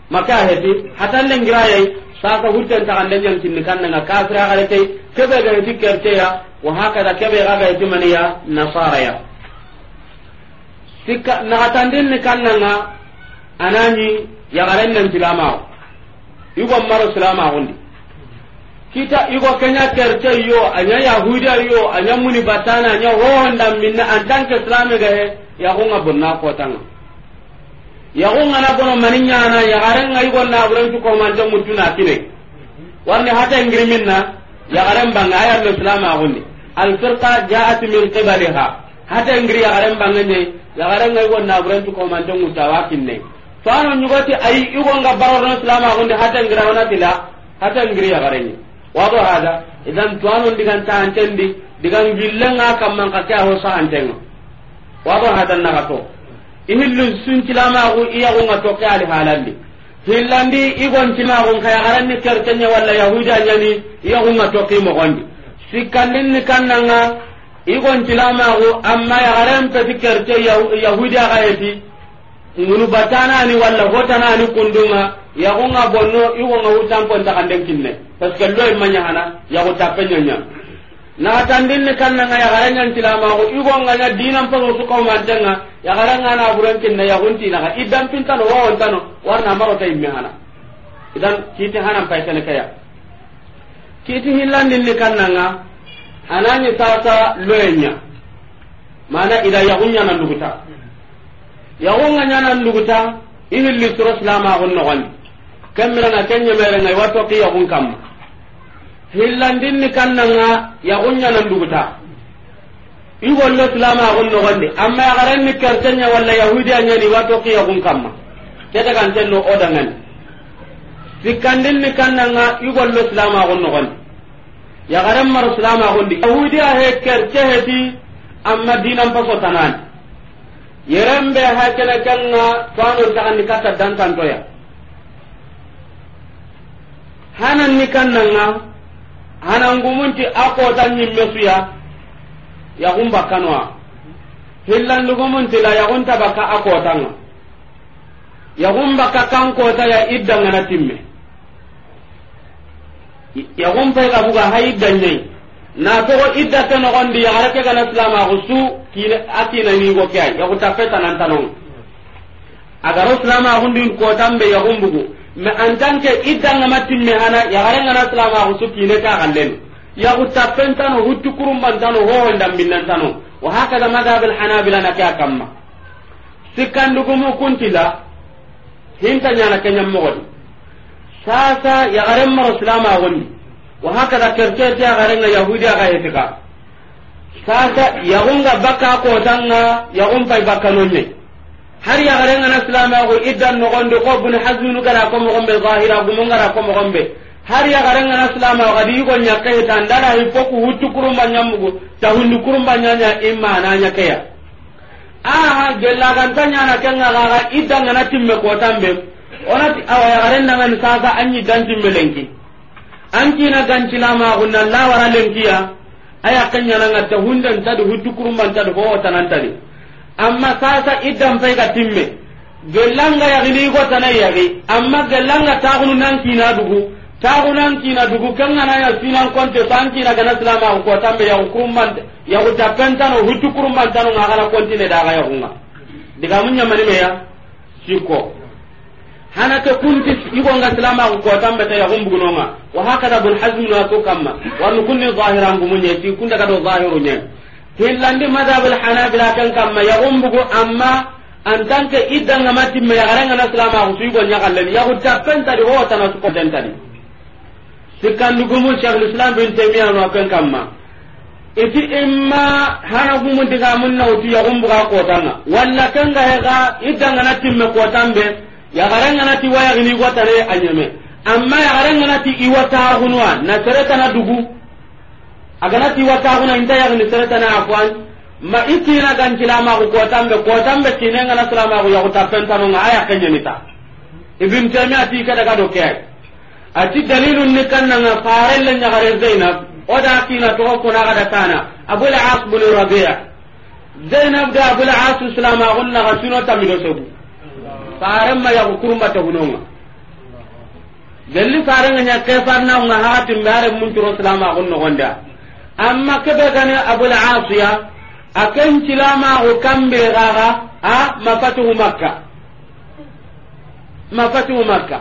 Speaker 2: maka heti hatalle ngiraye saka hutten tagalle nyam kinne kannga kafira garete kebe ga kerte ya wa hakada kebe ga ga heti maniya nasara ya sikka na hatandin ni ana anani yagaren nan silamaxo igon maro silamaxundi kita igo kenya kerce yo anya yahudiya yo anya muni batana anya hohonda minna andan tant que ga he nga bonna kotanga nga na bono mani ñana yaxarenga man naɓurencu komante muntuna kine warne hata ngiri minna yaxaren banga a yarno al firqa jaat min qibaliha hata ngiri yaxaren banga ñe yaxarenga igo naɓurencu komante mutawakin ne fano ñugoti ayi igonga barono silamagundi hatangirawonatila hatangiri yagarenye wado hada idan tuwanon digan antendi digan kam man ka ho sa sahantenga wado hada naga to iya suncilamagu iyagunga toke ali halandi tilama igoncimagun ka garanni kertenya walla yahuda ñani iyagunga toki mogondi sikkandinni kannanga igoncilamagu amma ta peti yahuda ga yati munu batanani walla ni kundunga yagunga bonno igonga hutamponta kanden kinne parce que loy nga yago tappenyanya naxatandinni kannanga yaxarengantilamaxu igonganya dinan pango sukahumantenga yaxarengana burenkinna yaxuntinaxa i dampintano wawontano warna marota imme hana idan kiti hanan ni kaya kiti hillandinni nga anani sasa nya mana ida yaxunyana nduguta yagonga ñanan luguta i hilli suro silamagun nogondi kemmirana ken ñemerenga iwa toki yagun kamma hillandinni kannanga yagun ñanan luguta i gollo silamagun nogondi amma yagarenni kertenya walla yahudiya ñani iwa toki yagun kamma kedagantenno odangani sikkandinni kannanga i gollo silamagun nogondi yagaren maro silamagundi yahudiya he kerce heti amma dinan pasotanani yerembe ha kene kenga toanon taxandi katta dantantoya hananni kannanga hanangumunti a kotan ñimme suya kanwa hillan hillandugumunti la baka bakka a ya gumba ka kan kotaya iddangana timme gumba ka buga ha iddanñayi na togo idda ta nogondi yagara ke gana silama gusu a kina nigo ke ay yagu tafe tanan tanong agaro silama gundi kotambe yagumbugu ma en tant que iddanga matimme hana yagara ngana silama gusu kine ka gallenu yagu tappen tano huttu kurumban tano hohon dambinnan tano wa hakada madhab alhanabila na ke kamma sikkandugumu kuntila hinta nyana kenyam mogodi sasa yagaren maro silama gundi wa haka hakada kerke ti agarenga yahudi aga yetika sasa baka bakka kotanga yagun pay bakkanonne har yagarenga na silamago iddan nogondi ko bun hazminu gara ko mogonɓe zahira gumongara ko mogonɓe har yagarenga na silamago adi yigo ñakke hita ndana hippoku huttu kurumba ñammugu tahundi kurumba ñaña immana ñakkeya aha gellaganta ñana kenga idan iddangana timme kotan ɓe onati awa yagarendangani sasa an yiddan timme lenki an kina gancila magunna la wara lenkiya aya kanyananga ta hundan tadi huttukurumban tadi ho tanan tadi amma sasa idan fay ga timme gellanga yagini go tanai yagi amma gellanga tagunu nan kina dugu tagunan kina dugu kangana ya sinan konte san na gana silama ko tambe ya kurumman ya utapenta no hutu ta tanu ngala kontine daga ya hunga diga munya mani me ya siko hana ke kunti yugo nga silama ko ko tambe ta yagum buguno nga wa hakada bul hazm na to kamma wan kunni zahiran ti kunda zahiru ne. hillandi madhabul hanabila kan kamma bugu amma en ko kallen ho tana gumu islam bin no kan kamma iti imma hana gumu diga ko tanga walla kan ga ga na timme ko tambe yagarenganati wayagini iwatane a ñeme amma yagarenganati iwataxunuwa na seretana dugu aganati iwataxuna inta yagini seretana afan ma i kina gancilamaxu kotambe kotanɓe kinengana silamaxu yaxu tappentanonga a yakke ñemita ibin temi ati ke daga do ke ati dalilun ni kannanga farelle nyagare zainab oda kina to ko na gada tana abul as bin rabi'a zainab da abul as islama gunna ga suno tamido sebu faren ma yaku kurma ta hunonga gelli faren ga nyakke farna nga hatim bare mun turo salama gon no gonda amma kebe gane abul asiya akan cilama ko kambe gaga a mafatu makka mafatu makka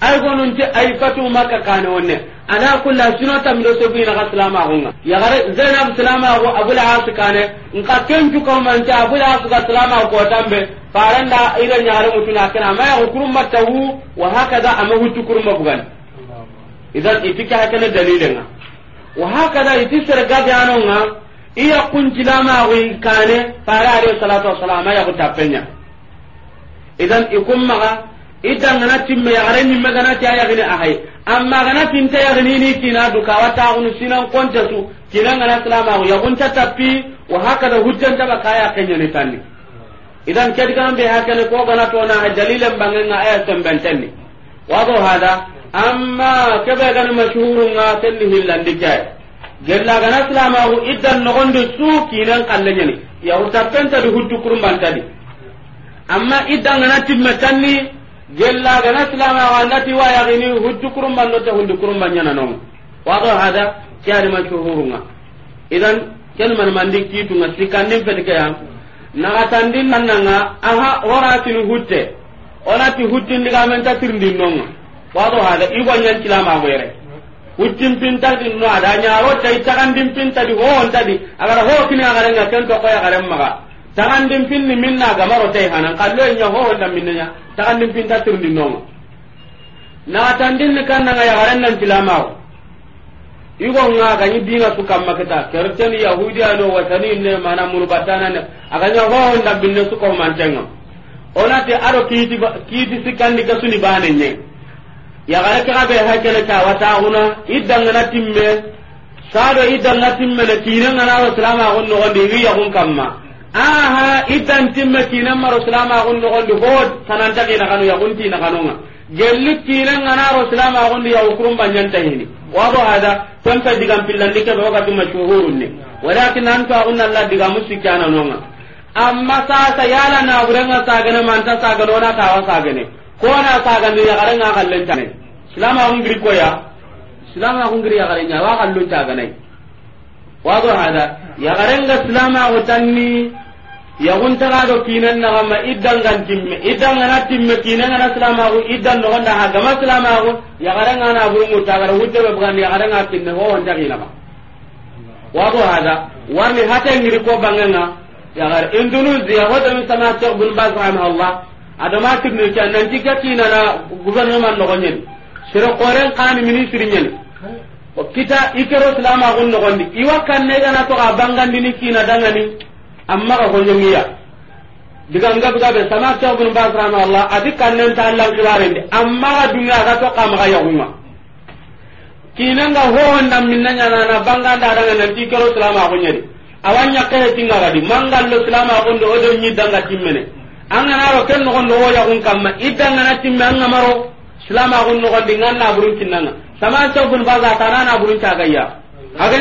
Speaker 2: ay gonun ti ay fatu maka kane wonne ana kulla sino do so bina ga salama nga ya gare zainab salama go abul as kane in ka ju ko man ta abul aas ka salama ko tambe faranda ira nyaare na kana ma ya kurumma tahu wa hakada ama hutu kurumma bugan idan itika hakana nga. wa hakada itisar gabe anonga iya kunjilama in kane fara alayhi salatu salama ya ko tapenya idan ikum maga idangana timme yagare nimme ganati a yagini ahay amma gana tinta gani ni kina du wata taxunu sinan konta su kina ngana silamaxu yagunta tappi wa baka ya kanya ne tanni idan kedi kanan be ne ko gana tona ha dalilen na aya wa go hada amma kebe gani mashhurunga tenni hillandi kay gella gana idan iddan nogondi su kinan kallenyani yahu hujju huddu kurumbantadi amma idan idangana timme tanni gella gana silama wandati wa yagini huddu kurumba notta hundi kurumba nyana nonga wado hada kyari mashuhurunga idan kelman mandi kitunga sikandin fetikeya nagatandin nannanga aha horatini hutte onati huttindigamenta tirndin nonga wado hada igonyan silama gwere huttin pintadi no ada nyaro tay tagandin pintadi ho ontadi agara ho kini agarenga kento ya agaren maga tagandin pinni minna gamaro tay hanan kallo nya ho ho dam minna tagandin pin tatir din nonga na tandin ni kan nga ya yagaren nan tilama igo nga ga ni dinga su kam makata kerten yahudi ano watani ne mana murbatana ne aganya ho ho dam minna su ko mantenga onati aro kiti kiti ni ka suni bane ya yagare ka be ha kele ta wata huna idanga na timme sado idanga timme ne tinanga na wa tilama gonno gonde wi ya kun kamma aha idan timme kinan maro salama gun no gondi ho tanan ta kinan kanu ya gunti na kanonga gelli kinan ngana ro salama gun ya ukrum banyan tahini wa do hada tan ta digam pillan dike do ga tumma shuhurun ne walakin an ta unna Allah diga musikana nonga amma sa sa yala na burenga sagana manta sagano na kawa sagane ko na sagane ya garanga kallen tane silama gun gri ko ya silama gun gri ya garanga wa kallu ta ganai wato hada yagarenga silamaxu tanni na kinen naxama iddangan timme na timme kinengana idan iddan wanda ha gama silamaxu yaxarengana burumuta ga timme bugandi wanda kinne ba. wato hada warni hatengiri ko ya gar indonesia hotemi sama cheikh bun bas allah adama tirni nan nanti ke kinana gouvernement noxoñeni sere koren kani ministre ñeni o kita ikero silama gun nogondi iwa i gana to ga bangandini kina dangani amma ga gonjongiya diga nga biga be sama ta ibn baz rahimahullah adi kanne ta Allah kirarende amma ga dunya ga to kama ga yahuma kina nga ho wanda minna nyana na banganda dangana ti ikero silama gunyedi awanya kare tinga gadi mangallo silama gun o don nyi danga timmene a ro ken nogondo wo ya gun kamma idanga na timme anga maro silama gun nogondi nganna burun kinanga sama sofun baga tanana burun ta gayya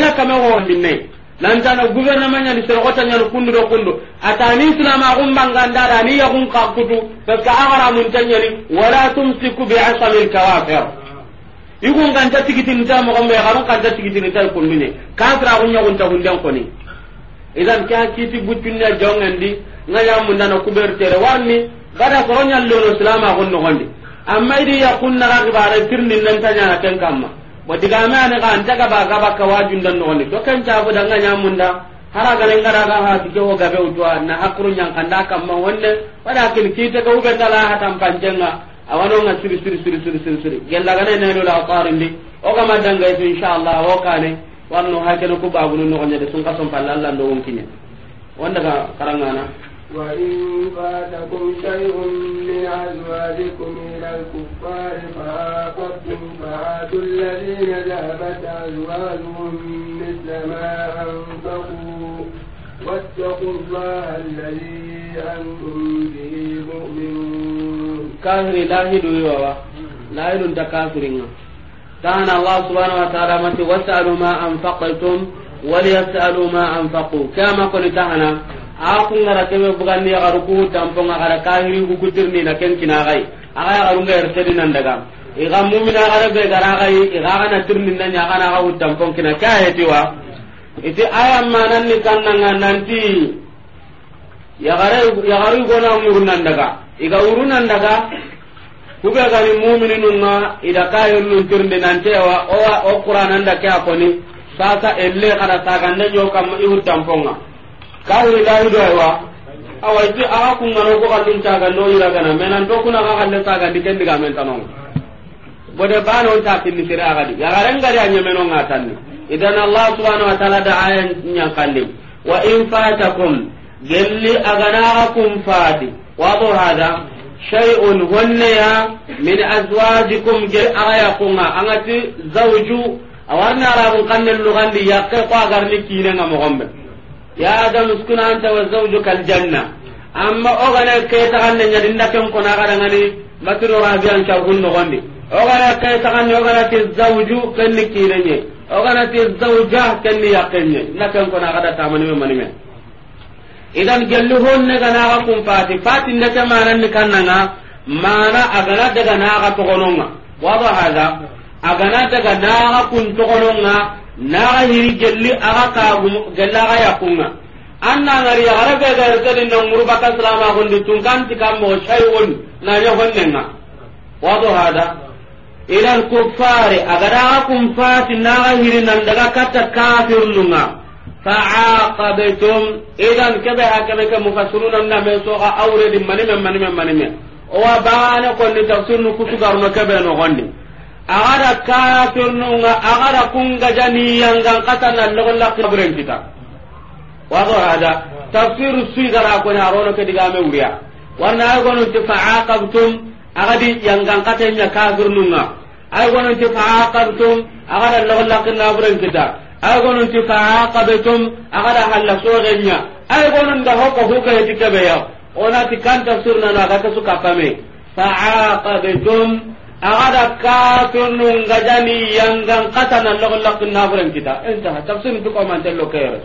Speaker 2: na kame ho hinne lantana gouvernement ñani serogota ñani kundu do kundu atani islama gumbanganda da ni yagun kakutu parce que agara mun ni. wala ku bi asamil kawafir igun ganta tigitin ta mo gombe ka ganta tigitin ta kundu ne kafira gunya gunta gundan koni idan kya kiti butunna jongandi ngaya mun dana kuber tere warni bada koronya lono islama gunno gondi amma idi ya kunna ga gibare tirnin nan ta na kan kamma wadiga ma ne ga antaka ba ga ba ka wajin dan noni to kan ja bu danga nya munda hara ga nan gara ga ha ti ko ga be utwa na hakru nyang da kamma wonne wada kin ki ta ga uga dala ha tam panjenga awano nga siri siri siri siri siri siri gella ga ne ne la qarin qarindi o ga ma danga insha Allah o ne wanno ha ke no ku babunu no nya de sun ka son palla Allah ndo won kinya wanda ga karangana
Speaker 1: وإن فاتكم شيء من أزواجكم إلى الكفار فعاقبتم فآتوا الذين ذهبت أزواجهم مثل ما أنفقوا واتقوا الله الذي أنتم به مؤمنون
Speaker 2: كافر لا هدوا لا هدوا تكافرين كان الله سبحانه وتعالى متى واسألوا ما أنفقتم وليسألوا ما أنفقوا كما قلت أنا a kungara kebe bugandi yagaru ku tamponga gara kahiri ku kutirni na ken kinagai aga yagaru nga ersedi nan daga iga mumina gara be gara gai iga gana tirni nan ya gana ga utampong kina kaya wa iti aya manan ni kannanga nanti yagaru yagaru gona umurun nan daga iga urunan daga kube gani mumininu nga ida kahirnun tirni nan tewa o qur'anan da kya koni sasa elle kada sagande nyokamma ihu tamponga kahiri dahi doywa awa iti aga kungano ko kallum cagando yiragana menan to kuna ga kalle cagandi ken diga men tanong bode bana on tapinni sere agadi yagarengari a ñemeno nga tanni idan allah subhanau wa taala da aya ñankallim wa in fatakum gelli aganaga kum faati wado hada shay'un honneya min azwajikum ge agaya kunga angati zawju awarni arabun kannen lugandi yakke ko agarni kinenga mogonɓe ya adam uskun anta wa zawjuka aljanna amma ogana ke taxanne ñadinda ken kona xadangani matiro rabian cargun noxondi ogana ke taxanne oganati zawju kenni kiineñe oganati zawja kenni yaqenñe nda ken kona xada tamanime manime idan gelli honne ganaxa kum fati fati ndeke mananni kannanga mana agana daga naxa toxononga wado hada agana daga naxa kun toxononga naga hiri gelli aga kagum gella aga yakunga anna ngari agara be ga ertani na muruba ka salama gondi tungkan tikam mo shay won na nya honnenga wado hada ila al kuffari agara kum fati naga hiri nan daga kata kafir lunga fa'aqabtum idan kabe hakabe ka mufassirun na me so ga awre di manime manime manime o wa bana ko ni tafsir nu kusugar no kabe no gondi agada kafirnunga agada kungajaniyangan katana logolakabren kita wado hada tafsir suigara koni arono ke digame wuriya warna ay ti faaqabtum agadi yangan katanya kafirnunga ay gononti faaqabtum agada logolakinaburen kita ay gononti faaqabetum agada halla sogenya ay gononda hoko hukaheti kebeya onati kan tafsirnano agata su kappame faaqabetum agada kafir nun gajani yangan katana logo lakin nafuran kita entah tafsir itu kau mantel lo kaya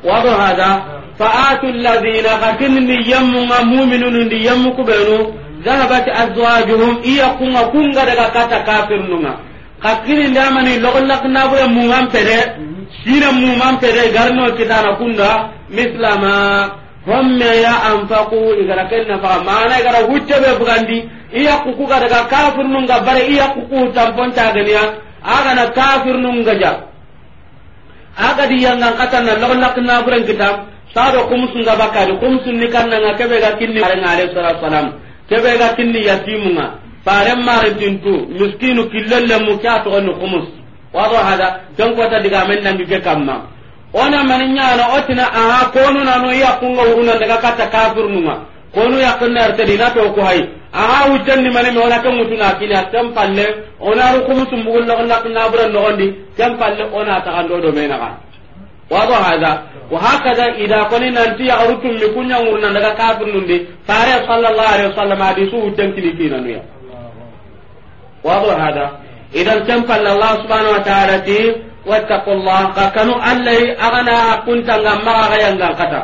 Speaker 2: wado hada fa'atu alladhina qatinni yamma mu'minun di yammu kubenu dhahabat azwajuhum iya kunga kunga daga kata kafir nunga kakini ndamani logo lakin nafuran mungam pere sina mungam pere garno kita na kunda mislama wamme ya anfaqu igara kenna fa mana igara hutte be bugandi iya kuku ga kafir nun ga bare iya kuku tampon ta ganiya aga na kafir nun ga ja aga di yang ngang kata na nak na buran kita sado kumsun ga bakari kumsun ni kan na kebe ga kinni are ngale sallam kebe ga kinni yatimunga faren mare tintu miskinu killalle mu kya to kumus wado hada don ko ta diga men nan ge kamma ona mani nyana otina aha konu nanu yakunga uruna daga kata kafir numa konu yakunna artadi na to ko hay aha wujanni mani me ona kan mutuna kini atam palle ona ru kumu tumbugul la Allah kunna buran no ondi tam palle ona ta kan do do mena ka wado hada wa hakada ida koni nanti ya arutum mi kunya uruna daga kafir numbe fare sallallahu alaihi wasallam hadisu wujan kini kina wa wado hada idan tam palle allah subhanahu wa ta'ala ti wattaqu allah ka kanu allahi agana kuntanga maga yanga kata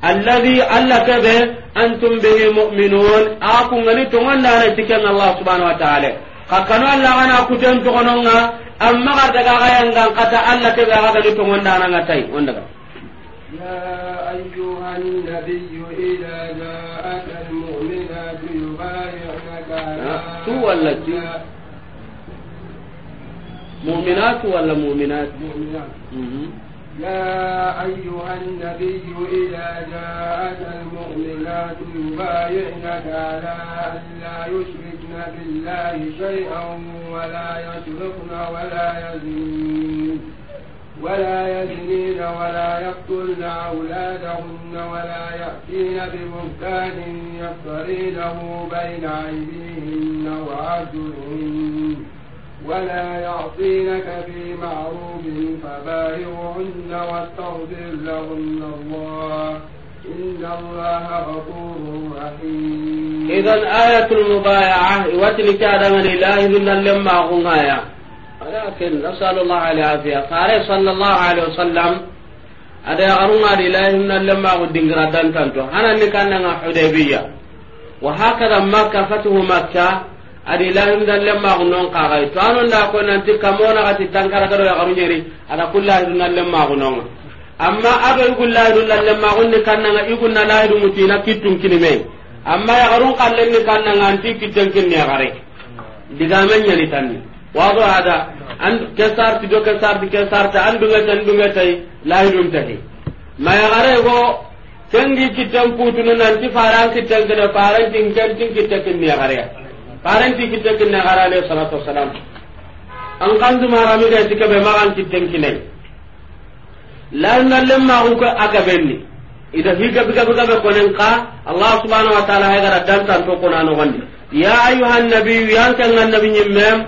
Speaker 2: alladhi alla kabe antum bihi mu'minun akungani tonganda na tikan allah subhanahu wa ta'ala ka kanu alla agana kuten tokononga amma ga daga yanga kata alla kabe na ka
Speaker 1: يا أيها النبي إذا جاءك المؤمنات يبايعنك على
Speaker 2: مؤمنات ولا مؤمنات مؤمنات
Speaker 1: يا أيها النبي إذا جاءك المؤمنات يبايعنك على أن لا يشركن بالله شيئا ولا يسرقن ولا يزنين ولا يزنين ولا يقتلن أولادهن ولا يأتين ببهتان يفترينه بين أيديهن وأرجلهن ولا يعصينك في معروف فبايعهن واستغفر لهن الله إن الله غفور رحيم إذا آية المبايعة وتلك آدم لله إلا لما غنايا
Speaker 2: ولكن نسأل الله العافية قال صلى الله عليه وسلم ada yagarunga di lahi na lemma ko dingira dantanto hanan ni kannanga hudaybiya wa hakada makka fatuhu makka adi lahim dallen magunon kaxay to anonda ko nanti kamonakati tankaragado yagaru ñeri ada ku lahidu nallen magunonga amma ado igu lahidu lallen magundi kannanga iguna lahidu mutina kittun kinime amma yagarun kallenni kannanga anti kitten kinni yagare digamen ñani tanni wago ada an ke sarti do ke sarti ke sarta an dunga tan dunga tay lahidum tahi ma yagare go kengi kitten putunu nanti faran kitten kene faran tinken tin kitten kinni yagare parenti kitte kinne gara alayhi salatu wassalam an kan kandu marami ga tike be magan kitten kinai lan lalem ma ko aga benni ida higa biga biga be konen ka allah subhanahu wa ta'ala ha gara dan tan to kona no gandi ya ayuhan nabiyyu yan kan annabi nyimmem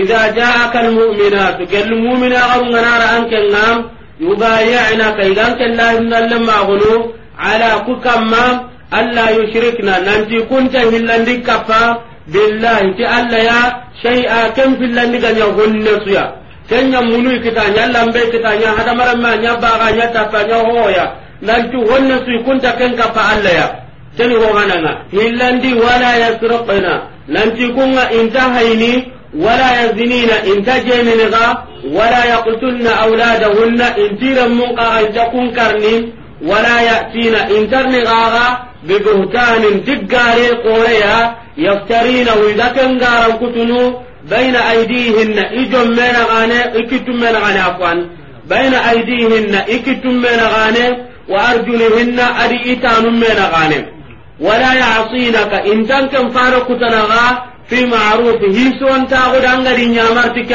Speaker 2: idza ja'aka almu'minatu gal mu'mina qarun nara an kan nam yubayyi'na ka idan kan la lalem ma gulu ala kukamma alla yushrikna nanti kunta hillandi kafa billahi ti alla ya shay'a kam fillandi ganya honne suya kenya munu kita nya lambe kita nya hada maramma nya baga nya tapa nya hoya nanti honne su kunta ka pa alla ya tani ho gananga hillandi wala yasrqna nanti kunga intahaini ولا يزنين إن تجننغا ولا يقتلن أولادهن إن تيرا منقا أن تكون كرنين ولا يأتينا إن ترني غاغا ببهتان تقاري قوريا يفترين وإذا كان غارا كتنو بين أيديهن إجم من غاني إكتم من غاني عفوا بين أيديهن إكتم من غاني وأرجلهن أدي إتان من غاني ولا يعصينك إن تنكم فارقتنا غا في معروف هيسون تاغد أنغري نعمرتك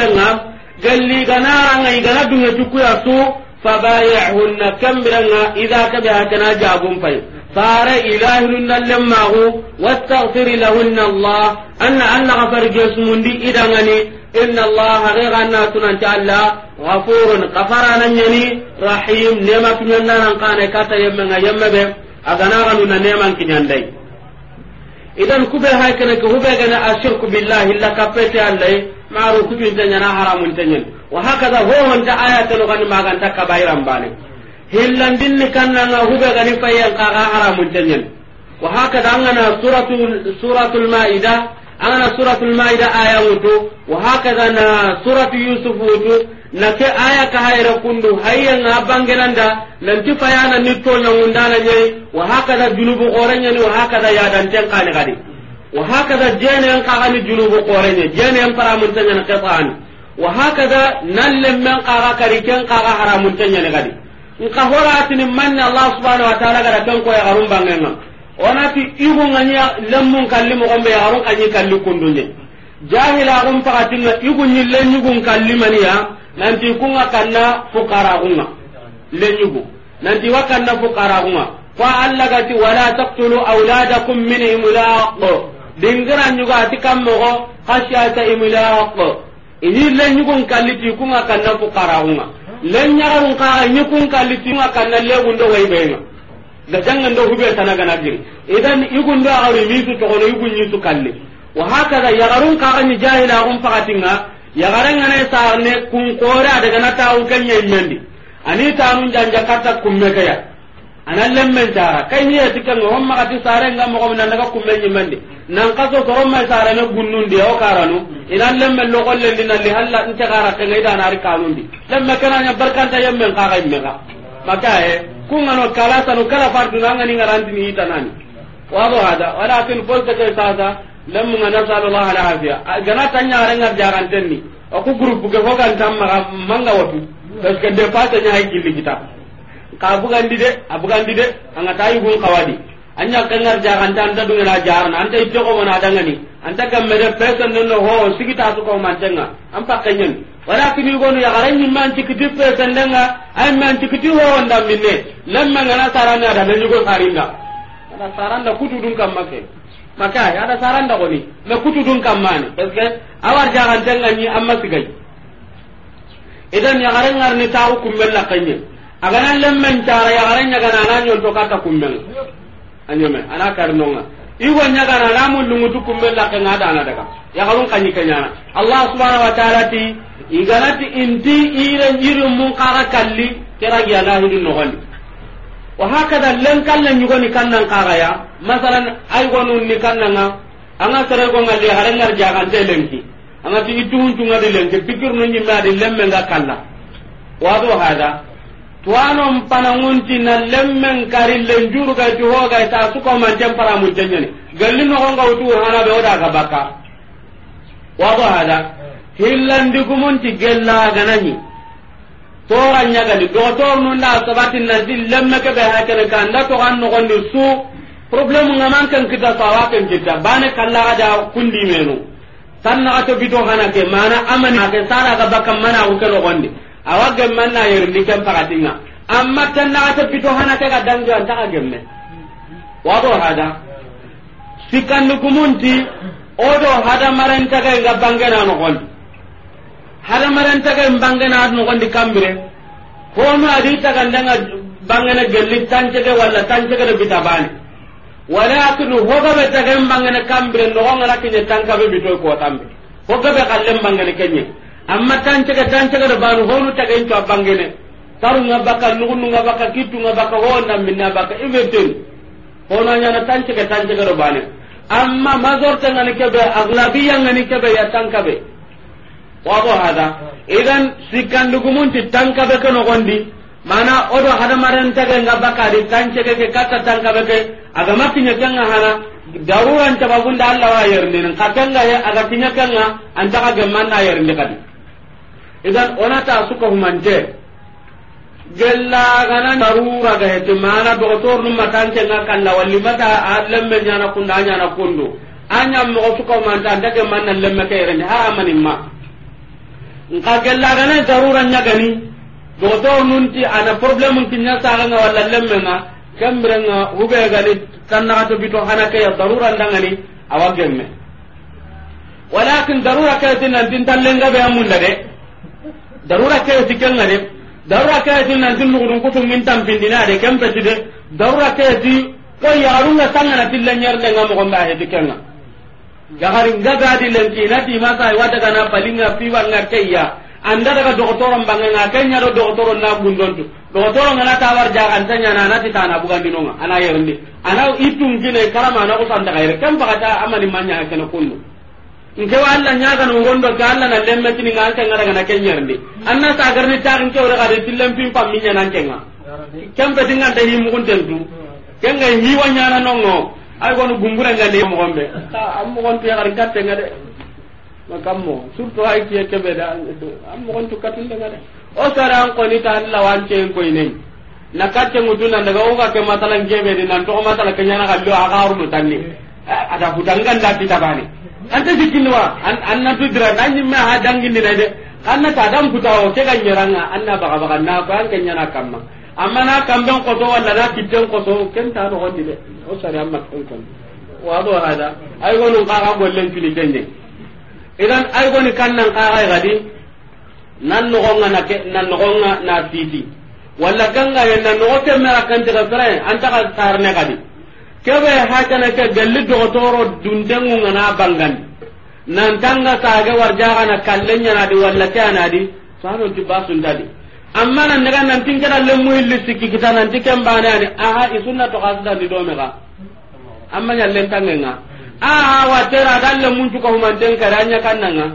Speaker 2: قال لي غنارا غي غنادو يتكويا سوء fabayahunna kambiranga idha kabe hakana jagum pay fara ilahinunna lemmagu wastaghfir lahunna allah anna anna gafar gesumundi ni inna allah ghayra anna allah allah ghafurun ghafarana nyani rahim nema nan kana kata agana yemmebe na neman kinyandai idan kube haykene ke gana ashirku billahi illa kappete allai maru kubinte nyana haramunte wa hakaza ho honta ayatanu gani maganta kabairan bane hillandinni kannanga hube gani fayyan kaga haramun tenyen wa hakaza angana suratul suratul maida maida aya wutu wa hakaza na suratu yusuf wutu na ke aya ka hayra kundu hayya nga bangenanda nanti fayana ni tolla ngundana nyai wa hakaza junubu qorenya ni wa hakaza yadan ten kane gadi wa wa hakaza nan lemmen qara kari ken qara haramun tanya ne gadi in ka hora tinin manne allah subhanahu wa ta'ala gara kan ko ya garun bangenga onati ibu nganya lemmun kalli ko be ya kanyi kalli kundunye jahila na ibu nyi nyille nyugun kalli ya nanti ngakanna kanna fukara kunga lenyugu nanti wakanna fukara kunga fa allah gati wala taqtulu auladakum min imlaq dingran nyuga atikam mo ko khashiyata imlaq ihi le ñugun kalliti kunga kanna fukarahunga le ñagarun kaa ñikun kalliti kunga kanna legundo wayɓeenga da jangando huɓe gana jiri idan su agaru imisu togono igun su kalli wa haka hakada yagarun kaxañi jahilaxun ne sa ne kun kore adagana taxu kenña mendi ani mun janja katta kaya ana lemmen cara kay hiyeti kenga hon maxati kun moxominallaga kumme mendi. nan kaso soron mai sare na gunnun di o karanu idan lemme lo golle din alli halla inte kara da na ari kanun di lemme kana nya barkanta yemmen ka ga ka maka e kunga no kala sanu kala fardu nanga ni ngaranti ni tanani wado hada walakin folta ta sasa lemme ngana sallallahu alaihi sallam gana tanya arenga jagan tenni aku grup ke hokan tamma ga watu parce que de pata nya hay gilli kita ka di de di de anga tayi gun kawadi anya kangar jagan tan da dunga na jaran anta itto ko na danga ni anta kam mere pesan den no ho sigita su ko man tanga am pakkanyen walakin yugo no yagaran ni man tikiti pesan danga ay man tikiti ho wanda minne lamma ngana sarana da den yugo sarinda ada saranda kutu dun kam make maka ada saranda ko ni me kutu dun kam mani parce que awar jagan tanga ni amma sigai idan yagaran ngar ni tawo kumbel la kanye agana lamman tara yagaran nyaga nana nyon to kata kumbel anyome ana karnonga igo nyagana na mullungutu kumbe lakke nga dana daga ya yagarun kanyi kenyana allah subhanahu wa ta'ala ti iganati inti ire jiru mun kara kalli kera hidin no nogoni wa hakada len kalla nyugoni kannan kara ya masalan ay wonu ni kannanga anga sare go ngalli harangar jagan lenki anga ti itun tunga de lenki pikir no nyimma de lemme nga kalla wa do hada tuwanon panangunti na lemmen kari lenjuru ga ti ga ta su ko man jam para mun ni galli no gonga utu hana be oda ga baka wa ba hada hillandi gumunti gella ganani tora nyagani doktor nun da sabati na di lemme ke be hakene kan da to kan no gondi su problem ngaman kan kita sawaken kita bane kalla ada kundi menu tan ato to hana ke mana amana ke sara ga baka mana ko gondi awa gemman na yerni ken pakatinga amma tan na ta bito hana ka danjo anta ka gemme wado hada sikandu kumunti odo hada maranta ga ga bangena no gondi hada maranta ga bangena no di kambire hono adi ta gandanga bangena gelli tanche ga walla tanche ga bitabani walakin hoga be ta ga bangena kambire no ngara kinye tanka bi bito ko tambe hoga be kallem bangena kenye amma tan cega tan cega da banu honu taga into abangene nga baka nga baka nga baka honda minna baka ibeten hono nyana tan cega tan cega da bane amma mazor tanga ni kebe aglabiya ngani kebe ya tankabe wabo hada idan sikan dugu mun ti tankabe kono gondi mana odo hada maran taga nga baka di tan cega ke kata tankabe ke agama tinya kanga hana daruran tababunda Allah wa yernin kakanga ya aga tinya kanga antaka gemanna yernin kadi idan ona ta suka humante gella gana darura ga hete mana doktor num matanke na kalla walli mata alemme nyana kunda nyana kundo anya mo suka humante anda ke manna lemme ke rende ha amani ma nka gella gana darura nyagani doktor ti ana problem ti kinya saga nga walla lemme na kambre nga hube gani kan na to bito hanaka ya darura ndangani awagemme walakin darura kayatin nan tintallenga be amunda de darura ke ti ken de darura ke ti na jinnu nugudun kutum min tampindi na de kem peti de darura ke ti ko yarunga sangana tilla nyarde nga mo gomba he dikenga gahari ngaga di lenki na ti masa wa daga na palinga piwa nga keya anda daga doktoro mbanga nga kenya do doktoro na gundontu doktoro nga na tawar jagan tanya na na titana bukan dinonga ana yende ana itung kine karama na ko sanda gaire kan bakata amani manya kana kunu. nke wa Allah nya ga no gondo ga Allah na lemme tini ga ta ngara na kenya rende anna sa gar ni ta nke ora ga de tillam pim pam minya nan kenga kem be tinga de hi mugun tentu kenga hi wa nya na nongo ay gonu gumbura ga de mo gombe am mo gon to ya gar katte nga de makammo surtout ay ke ke be da am mo gon to katun de nga de o sara an ko ni ta Allah wan ce ko ne na katte nguduna daga o ga ke matalan jebe ni nan to matalan kenya na ga do agaru tanni eh, ada hudangan da ti tabani anta jikinni wa anna tu dira nanyi ma ha dangin na de anna ta dam kutawo ke kan yaranga anna baga baga na ko an kenya na kamma amma na kamben ko to wala na kitten ko to ken ta no wonni de o sare amma ko kan wa do hada ay gonu ka ga gollen fili denne idan ay goni nan ka ga gadi nan no gonga na ke nan no gonga na titi wala ganga na no ko ke mera kan daga an anta ka tarne gadi kebe hakana ke galli dogotoro dundengu ngana bangandi nantanga sage warjagana kallenya nadi walla ke anadi sano ti basundadi amma nan daga nan tin kada le muilli sikki kita nan ti kan bana ani aha isunna to kasda di do mega amma nya len tangenga aha wa tera dalle mun ju ko man den karanya kannanga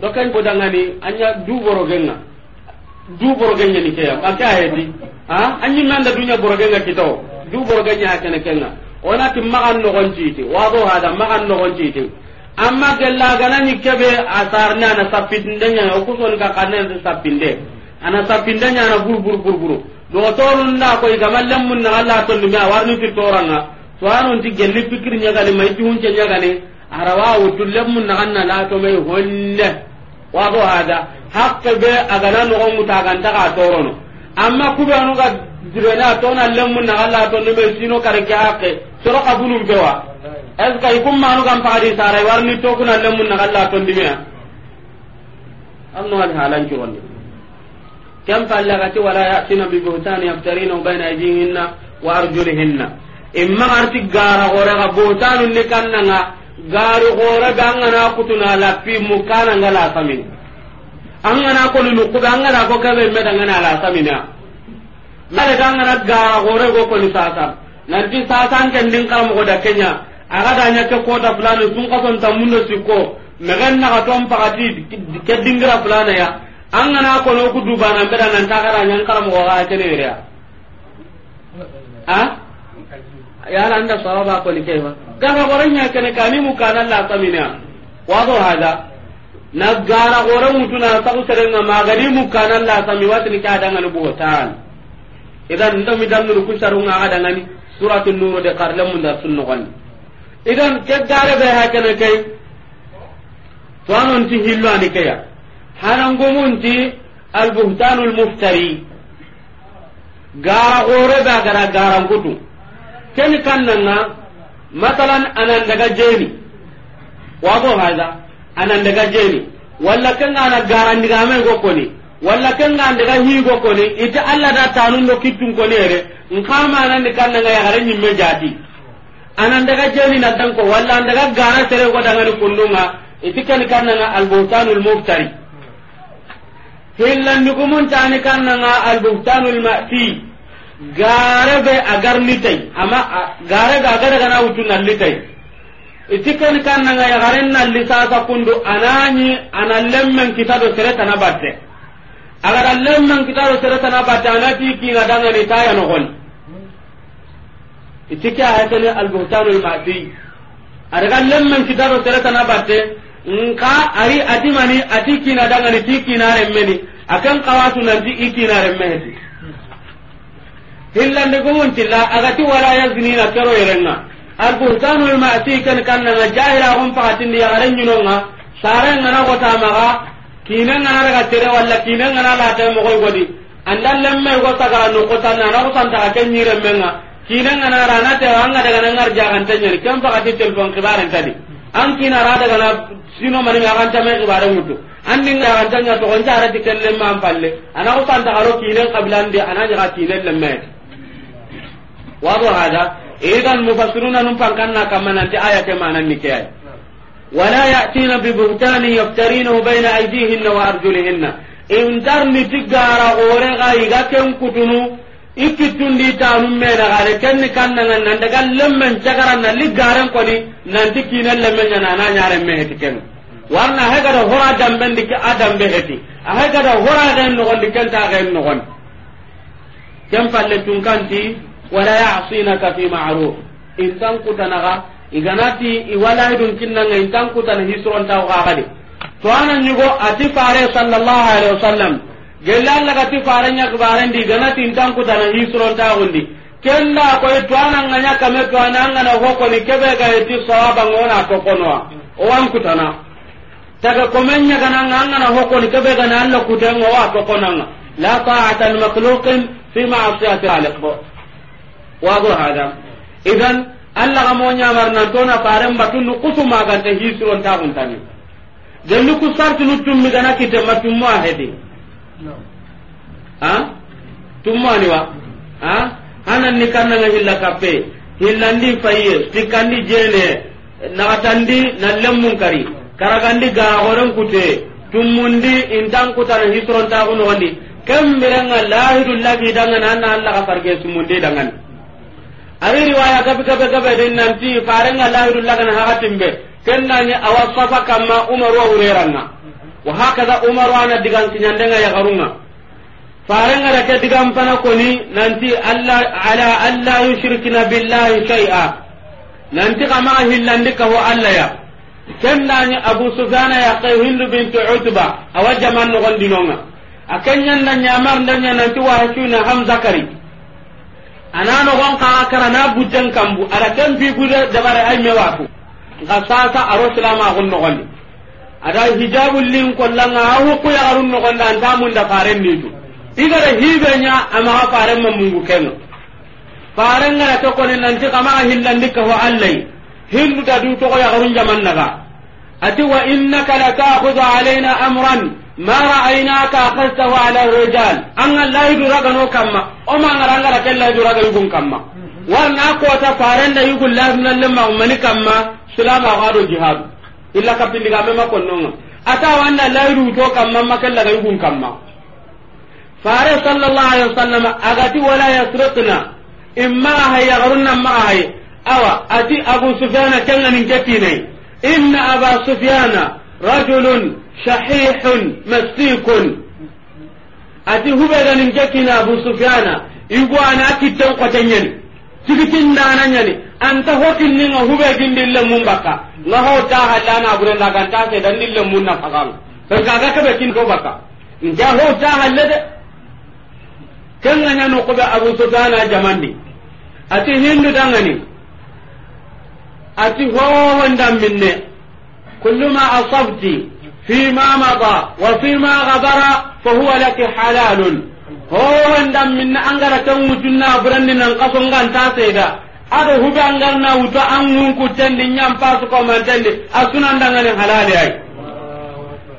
Speaker 2: do kan bodangani anya du borogenga du borogenga ni ke ya aka hedi ha anyi manda dunya borogenga kitaw du borga nya kana kenga ona tim magan no gonjiti wado hada magan no gonjiti amma gella gana ni kebe asarna na sapinde nya o kuson ka kanne sapinde ana sapinde nya na bur bur bur bur do torun na ko igamallam mun na Allah to ni awarni ti toranga to anon ti gelli pikir nya gani mai tun nya gani arawa wutullem mun na anna la to mai honne wado hada hakke be agana no gongu ta ganta ka torono amma kube anuga jibena tona lemmun na Allah to nebe sino kare ke hakke soro kabulum bewa es kay kum manu kam paadi sara warni to kuna lemmun na Allah to ndimina amno ala halan ki wonni kam fallagati wala sino bi buhtani yaftarina baina aydihinna wa arjulihinna imma arti gara gore ga buhtanu ni kannanga gari gore gangana kutuna la pi kana ngala samin angana ko lu ku angana ko kabe ngana la samina mala ga ngara ga gore go ko ni nan nanti sasa an ken din kala mo da kenya aga da nya ke kota fulano sun ka son tamundo sikko megan na ka ton pagati ke dingira fulana ya an ngana ko no ku duba nan da nan ta gara nya kala mo ga ke ne ya ha ya lan da sawaba ko ni ga ga gore nya ke ne ni mu kana la tamina wa do hada na gara gore mutuna ta ku serenga magani mu kana la wa ni ka dangane botan idan ndomi dalluru ku sarunga ada ngani suratu nuru de karle mun da sunno gonni idan ke gare be hakana kai to anon ti hillo ani go mun ti al buhtanul muftari gara gore da gara gara kutu ken na. matalan anan daga jeni wa go haza anan daga jeni walla kan ana garan diga men gokoni walla kenga ndaga higo koni ite alla da tanun do kittun koni ere nkama nan de kanna ga yare nyimme jati anan daga jeni na danko walla daga gara sere ko daga kundunga ite kan kanna ga al-buhtanul muftari hillan dugumun tani kanna ga al-buhtanul ma'ti gara be agar litai ama gara ga agar ga na utun litai ite kan kanna ga yare nan lisasa kundu anani analemmen kitado sere tanabatte agada lemman kitaro seretana batte anati kinga dangani taya nogoni itike ahetene albuhtanu lmatiy adaga lemman kitaro seretana batte nka ari atimani ati kina danga ni ti kina remmeni akan kawasu nanti i kina remmeheti hillande gomuntilla agati wala na kero yerenga albuhtanu lmatiy ken kannanga jahira gon pakatindi yagaren ñinonga sarenganagotamaga kinen ngana daga tere wala kinen ngana la ta mo koy godi andan lemme go tagara no ko tan na ko tan daga ken nyire menga kinen ngana ra na te anga daga ngar jagan tan nyere kam ba ti telefon kibaran tadi an kiina ra daga na sino mani ga kan me kibaran mutu an din ga kan tan ya to gonja ara ti ken lemme am palle ana ko tan daga ro kinen kabilan de ana jaga kinen lemme wado hada idan mufassiruna num pankanna kamana ti aya ke manan ni ke ولا يأتين ببهتان يفترينه بين أيديهن وأرجلهن إن ترني تجارة غورغا إذا كن كتنو ikitun di tanum mena gare ken kan nan nan daga lemmen jagaran na ligaren ko ni nan tikina lemmen na na nyare me hetiken warna haga da hora damben dik adam be heti haga da hora den no on diken ta ga no on kem palle tun kanti wala ya'sinaka fi ma'ruf in tan kutanaga iganati iwalahidun kinnanga intankutan hisrontaw kakadi to ana ñugo ati fare sallallahu alaihi wasallam gelle allah gati fare ñakibarendi iganati intankutana hisrontagundi kenda koy to ananga kame to anangana hokoni keɓe gayeti sawabangona tokonowa owankutana taga komen ñagananga angana hokoni keɓe gana allah kutengo owa tokonanga la ta'ata lmakhluqin fi masiyati khaliq wado hada idan alla ga mo nya barna dona paren batun kusuma ga te hisiron ta kun tani jallu ku sartu nu tummi gana kite matum ma hedi ha tumma ni wa ha hanan ni kanna ga hilla kappe hillandi faye ndi jene lem mun kari ndi karagandi gahoren kute tummundi intan kutana hisron ta kun wandi kam mirenga lahidu lagi dangan na alla ga farge sumundi dangan ari riwaya gabe gabe gabe den nanti farenga lahiru lagana hakatimbe kennani awa safa kama Umar wa hureranga wa hakaza umaru na digan kinyandenga ya garunga faran ala ke digan pana koni nanti Allah ala alla yushrikina billahi shay'a nanti kama hillandi ka wa Allah ya ni abu sufyana ya qay hindu bint utba awa jaman no gondinonga akenyan na nyamar ndanya nanti wa hakuna hamzakari ana gon ka kara na bujjan kambu ara kan bi gude bare ay me waku ga sasa aro salama gon gon ada hijabul lin kollanga awu ko ya no gon dan tamun da faren ni tu igara hibenya ama faren mungu kenno faren ngara to konin nan ti kama hillan dikka wa allai hindu da du to ya arun jaman naga ati wa innaka ta'khudhu alaina amran ma ra'aynaka akhadtahu ala rijal an allah duragano kamma o ma ngaranga ra kella duraga yugun kamma warna ko ta farenda yugul lahna lamma umani kamma silama gado jihad illa kapindi ga mema konnonga ata wanda lairu to kamma makalla ga yugun kamma fare sallallahu alaihi wasallam agati wala yasriqna imma hayagrunna ma hay awa ati abu sufyan kanna nin ketinai inna aba sufyana rajulun shahihun masikun ati ana kitten kotenñeni sigitin dananyani anta hokkinninga huɓegindille hindu dangani ati hohon damminne kulluma asabti فيما مضى وفيما غبر فهو لك حلال هو دم من أنغر تنوجنا برن ننقصن غان تاسيدا ado hube angar na wuto an ngunku tendi nyam pasu ko man tendi asuna ndangane halali ay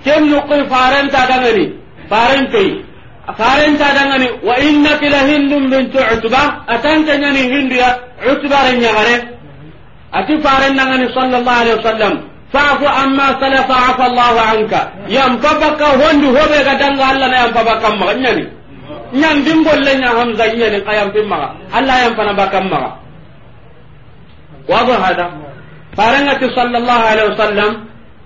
Speaker 2: kem nu ko faren ta dangani faren tay faren ta dangani wa innaka la hindum bin tu'tuba atan tanyani hindu ya alaihi faafu amma salafa afa allahu anka yam pabaka hondi hobe ga danga allah na yam pabaka maga nyani nyam dimbolle nya hamza nyani qayam pimma allah yam pana bakam maga wado hada ti sallallahu alaihi wasallam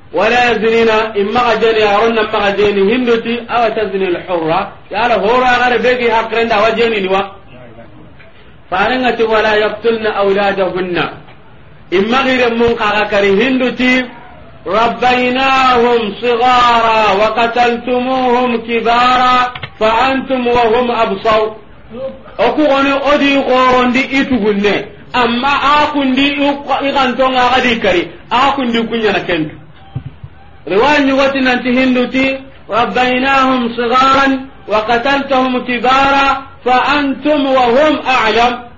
Speaker 2: wala yazinina imma ajani aronna maga jeni hinduti aw tazni al hurra yala hora gar begi hakrenda wajeni ni wa ti wala yaqtulna awladahunna imma gire mun kaga kari hinduti rabbainahum sigara wa qataltumuhum kibara fa antum wa hum absaw o ku goni odi gorondi itugunne amma a kundi i gantonga gadi kari a kundi kunyana kentu riwanyi wati nanti hinduti rabbainahum sigaran wa qataltahum kibara fa antum wa hum a'lam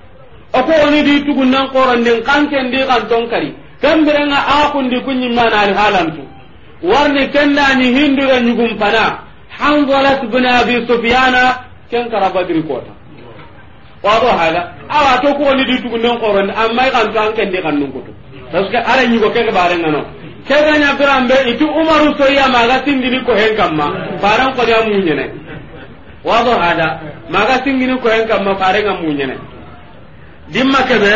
Speaker 2: ako woni di tugun nan koranden kanken di kan ton kari kambirenga a kundi kunyimmana al halantu warni kenna ni hindu ga nyugum pana hanzalat ibn abi sufyana ken karaba kota wato hala awa to ko woni di tugun nan koron amma kan tan ken di kan nun kutu paske ara nyugo ke ke bare no ke ga nya birambe itu umaru soyya maga ni ko hen kamma baran ko da munyene wado hala maga ni ko hen kamma barenga munyene dimma kebe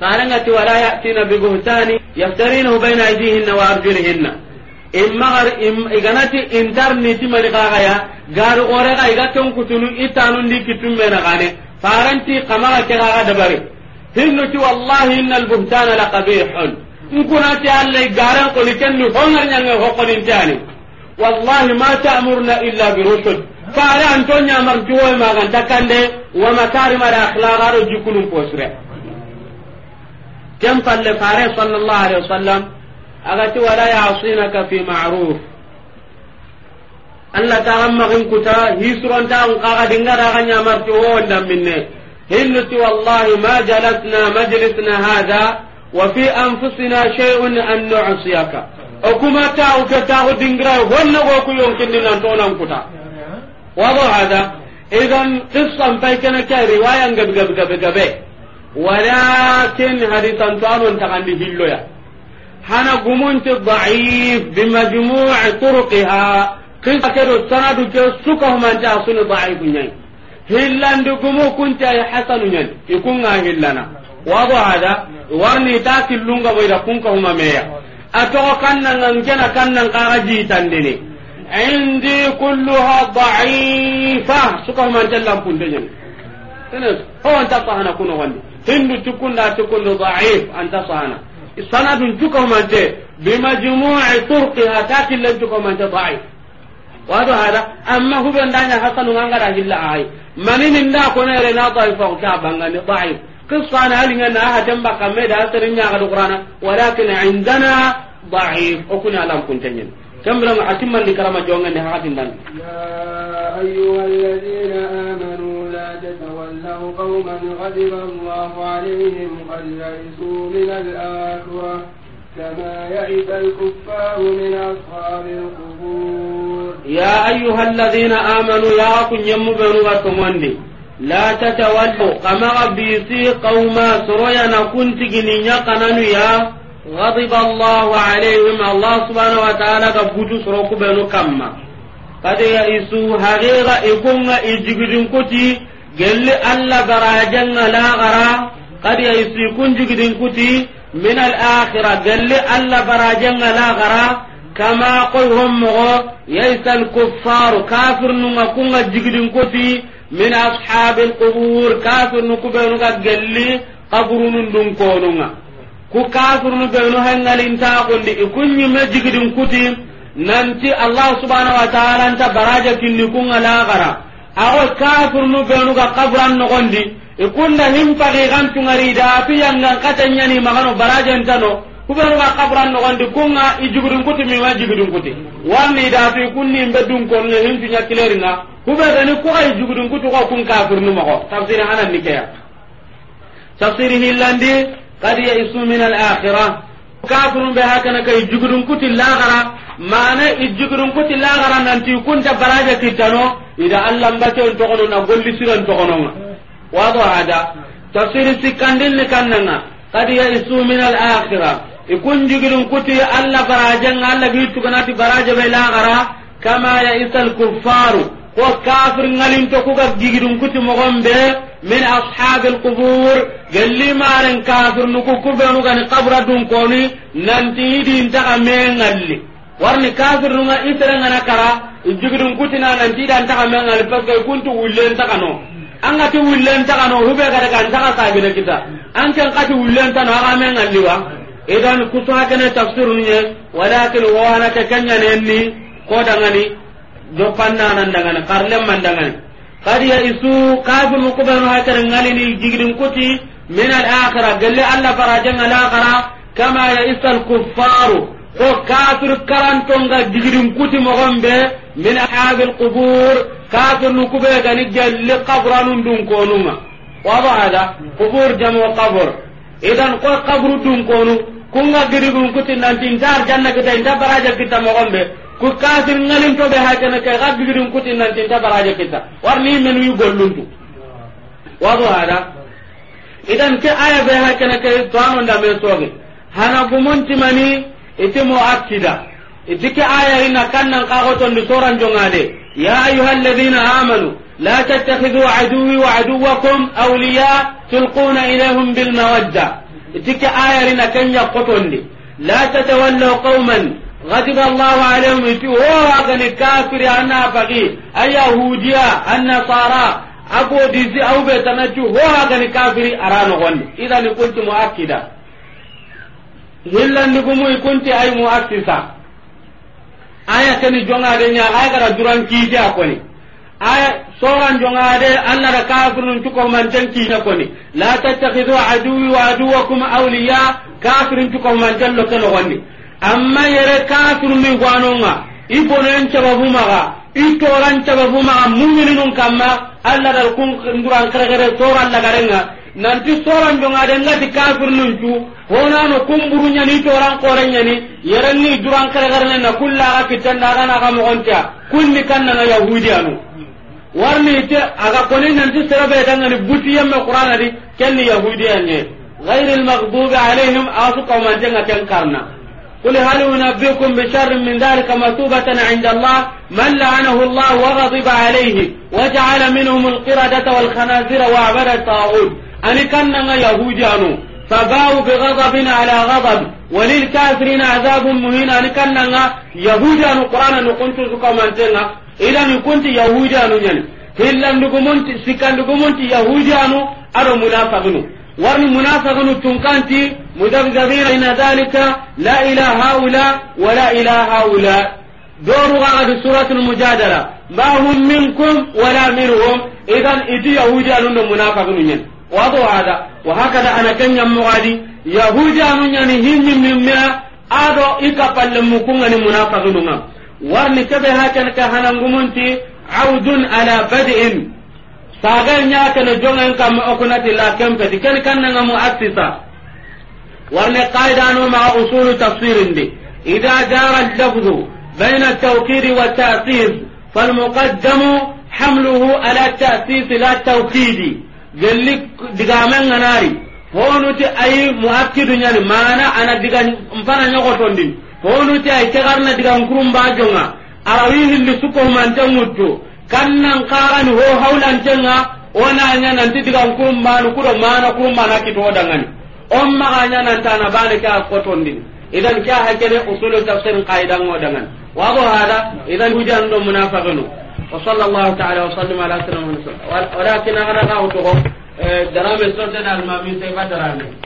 Speaker 2: saharangati wala yatina bibuhtani yaftarinahu baina wa arjulihinna iganati intarniti mani kagaya gari orega iga ken kutunu itanundi kitummena gane faranti kamaga ke kaga dabari hinnuti wallahi inna albuhtana laqabihun nkunati kenni hongar wallahi ma ta'murna illa fare an to nyamar juwo ma wa makari mara akhlaqa ro jikulun posre kem palle fare sallallahu alaihi wasallam agati wala ya'sinaka fi ma'ruf Allah ta amma kun kuta hisron ta an kaga dingara ga nyamar juwo ndam minne hinnuti wallahi ma jalasna majlisna hadha wa fi anfusina shay'un an nu'siyaka okuma kuma ta u ta u dingira go ku yonkin dinan to nan kuta wado hada idan qissan pay kana ka riwaya ngab gab gab gabe walakin hadithan tanon takandi hilloya hana gumun gumunti da'if bimajmu'i turqiha qissa kedo sanadu ke suka humanta asuni da'if nyai hillandi gumu kunti ay hasanu nyai ikunga hillana wado hada warni ta killunga boyda kunka huma meya atogo kannan ngena kannan kaga jitandini عندي كلها ضعيفة سكه ما جلهم كنت جن هو أنت صهنا كنا وندي هند تكون لا تكون ضعيف أنت صهنا السند تكون أنت بمجموع طرقها تاكل لن تكون أنت ضعيف وهذا هذا أما هو بندانيا حسن وانغرا هلا هاي من إن دا كنا رنا ضعيف كابان ضعيف قصة أنا هل إن أحد بقى ميدا أسرني على القرآن ولكن عندنا ضعيف أكون على كنت جن kambira nga atimman di karama jonga ni hakatin dan
Speaker 1: ya ayyuhalladzina amanu la tatawallaw qauman ghadiba Allahu alaihim qad ya'isu min al-akhirah kama ya'isa al-kuffar min ashabil qubur ya ayyuhalladzina amanu ya kunyammu banu
Speaker 2: watomonde لا تتولوا كما بيسي na سرويا نكون تجني ya. غضب الله عليهم الله سبحانه وتعالى قبوتو سروكو بنو كما قد يئسوا حقيقة إكونا إجيكدن كتي قل ألا براجن لا غرا قد يئسوا يكون جيكدن كتي من الآخرة قل ألا براجن لا غرا كما قل هم يئس الكفار كافر نما كونا جيكدن كتي من أصحاب القبور كافر نكبنو قل قبرون دنكونونا ku kafirnu benu hangalintaxundi ikuñimme jigidin kuti nanti allah subhanau wa taala nta baraja kinni kunga lagara ago kafirnu benuga kaburan nogondi ikunda himpaki gancungarida piyangan katenyani magano barajentano kubenuga kaburan nogondi kunga ijigidin kuti mima jigidin kuti warni idatu ikunnimbe dunkonge hincunya kileringa kubegani kuga ijigidin kuti ko kun kafirnu mogo tafsiri hananni keya tafsiri hillandi قد يئسوا من الآخرة كافر بها كان كي جغرن لاغرا ما انا الجغرن كت لاغرا ننتي يكون تبراجة كتنو إذا ألم بتون تغنو نقول لسيرن تغنو واضح هذا تفسير سكندل لكاننا قد يئسوا من الآخرة يكون جبرون كت ألا براجة ألا بيتو كناتي براجة بلاغرا كما يئس الكفار ko kafir ngalinto kuga gigidun kuti mogonɓe min ashabi alqubur gelli maren kafir nuku kubenugani kabura dun koni nanti idintaxa me ngalli warni kafir nunga ngana kara igigidun kutina nanti idantaxa me ngalli parce que kunti wullentaxano angati wullentaxano huɓe gadaga antaxa sagine kita an ken kati wullentano axa me ngalli wa idan kusu hakene tafsir nuye walakin ni kenñanenni kodangani joppannana ndangane karlemma ndangane kad yaisu kafirnu kubenu hakere ngalini jigidin kuti min alakhira gelle allah farajenga alakhira kama yaisa alkuffaru ko kafir karantonga jigidin kuti mogonɓe min ashabi alqubur kafirnu kube gani gelli kabranun dun konunga waba hada qubur jamo kabr idan ko kabru dun konu kunga giribin kuti nanti nta arjanna kita nta baraja kita mogonɓe ku kafir ngalin to be hakana kay ga ku kutin nan tinta baraje kita warni menu yu gollundu wado hada idan ke aya be hakana kay to anon da me toge hana gumunti mani ite mo akida ite ke aya ina kannan ka goton ni soran jongade ya ayyuhalladhina amanu la tattakhidhu aduwwi wa aduwwakum awliya tulquna ilayhim bil mawadda ite ke aya ina kanya kotondi la tatawallaw qauman غضب الله عليهم يتي هو أغني كافر أنا فقي يهوديا النصارى أبو ديزي أو بيتنجو هو أغني كافر أرانو غني اذا كنت مؤكدا hillandi gumuyi كنت اي muassisa aya jonga de nya aya gara duran kiije a koni aya soran jongade allah da kafirnun cukohumanten kiina koni la tattakidu aduwi wa aduwakum awliya ko man tan lo loke nogondi amma yere kafirundu gwanonga i bonoyen cababumaga i toran cababumaga mumininun kamma allah dar kun nduran kerekere sora lagarenga nanti soranjonga de ngati kafirnun cu honano kumburuñani i toran korenñani ni duran kerekerene na kullaga kittendaganaga mogontea kunni kannanga yahudianu warni ite aga koni nanti serebe dangani butiyemme qur'ana di kenni yahudiya nye غير المغضوب عليهم أو قوم جنة كرنا قل هل أنبئكم بشر من ذلك مثوبة عند الله من لعنه الله وغضب عليه وجعل منهم القردة والخنازير وعبد الطاغوت أن كان يهوديان فباءوا بغضب على غضب وللكافرين عذاب مهين أن كان يهوديان قرآن نكنت سكما إذا كنت يهوديان يعني hillandugumunti sikkandugumunti yahudiyanu aɗo munafagunu warni munafagunu tunkanti مدبدبين إن ذلك لا إلى هؤلاء ولا إلى هؤلاء دور غاد سورة المجادلة ما هم منكم ولا منهم إذا إتي يهودي أنهم منافقون وضو هذا وهكذا أنا كن يمغادي يهودي أنهم هم من مئة أدو إكفا إكفل مكون منافقون warni kebe haken ka hanangumunti audun ala bad'in sagar nya kana jongen kam okunati la kempeti ken kannanga mu'assisa warne qaidaanuma uusuuli taswiirindi iddoo daara dagdu baina ta'u qiiddi wa taasisi falmu qaddamu haamluku ala ta'u siisi laa ta'u qiiddi veli dagaama ganaari fooniitti ayi mu akkidu maana ana diga mfana nyaqotooni fooniitti ayi shaqaar na diga kurumba jonna arawii hinbi sukkumante muttu kan na kaarani hoo hawlante nga waan na nyaanansi diga kurumbaani ku maana kurumbaana akkituu dana ni. on maga nyana tana bane ka idan kya hakene usulu tafsir qaidan ngodangan wago hada idan hujan do munafiqun wa sallallahu ta'ala wa sallama ala sayyidina muhammad walakin ana ga to eh, darame sote dal sai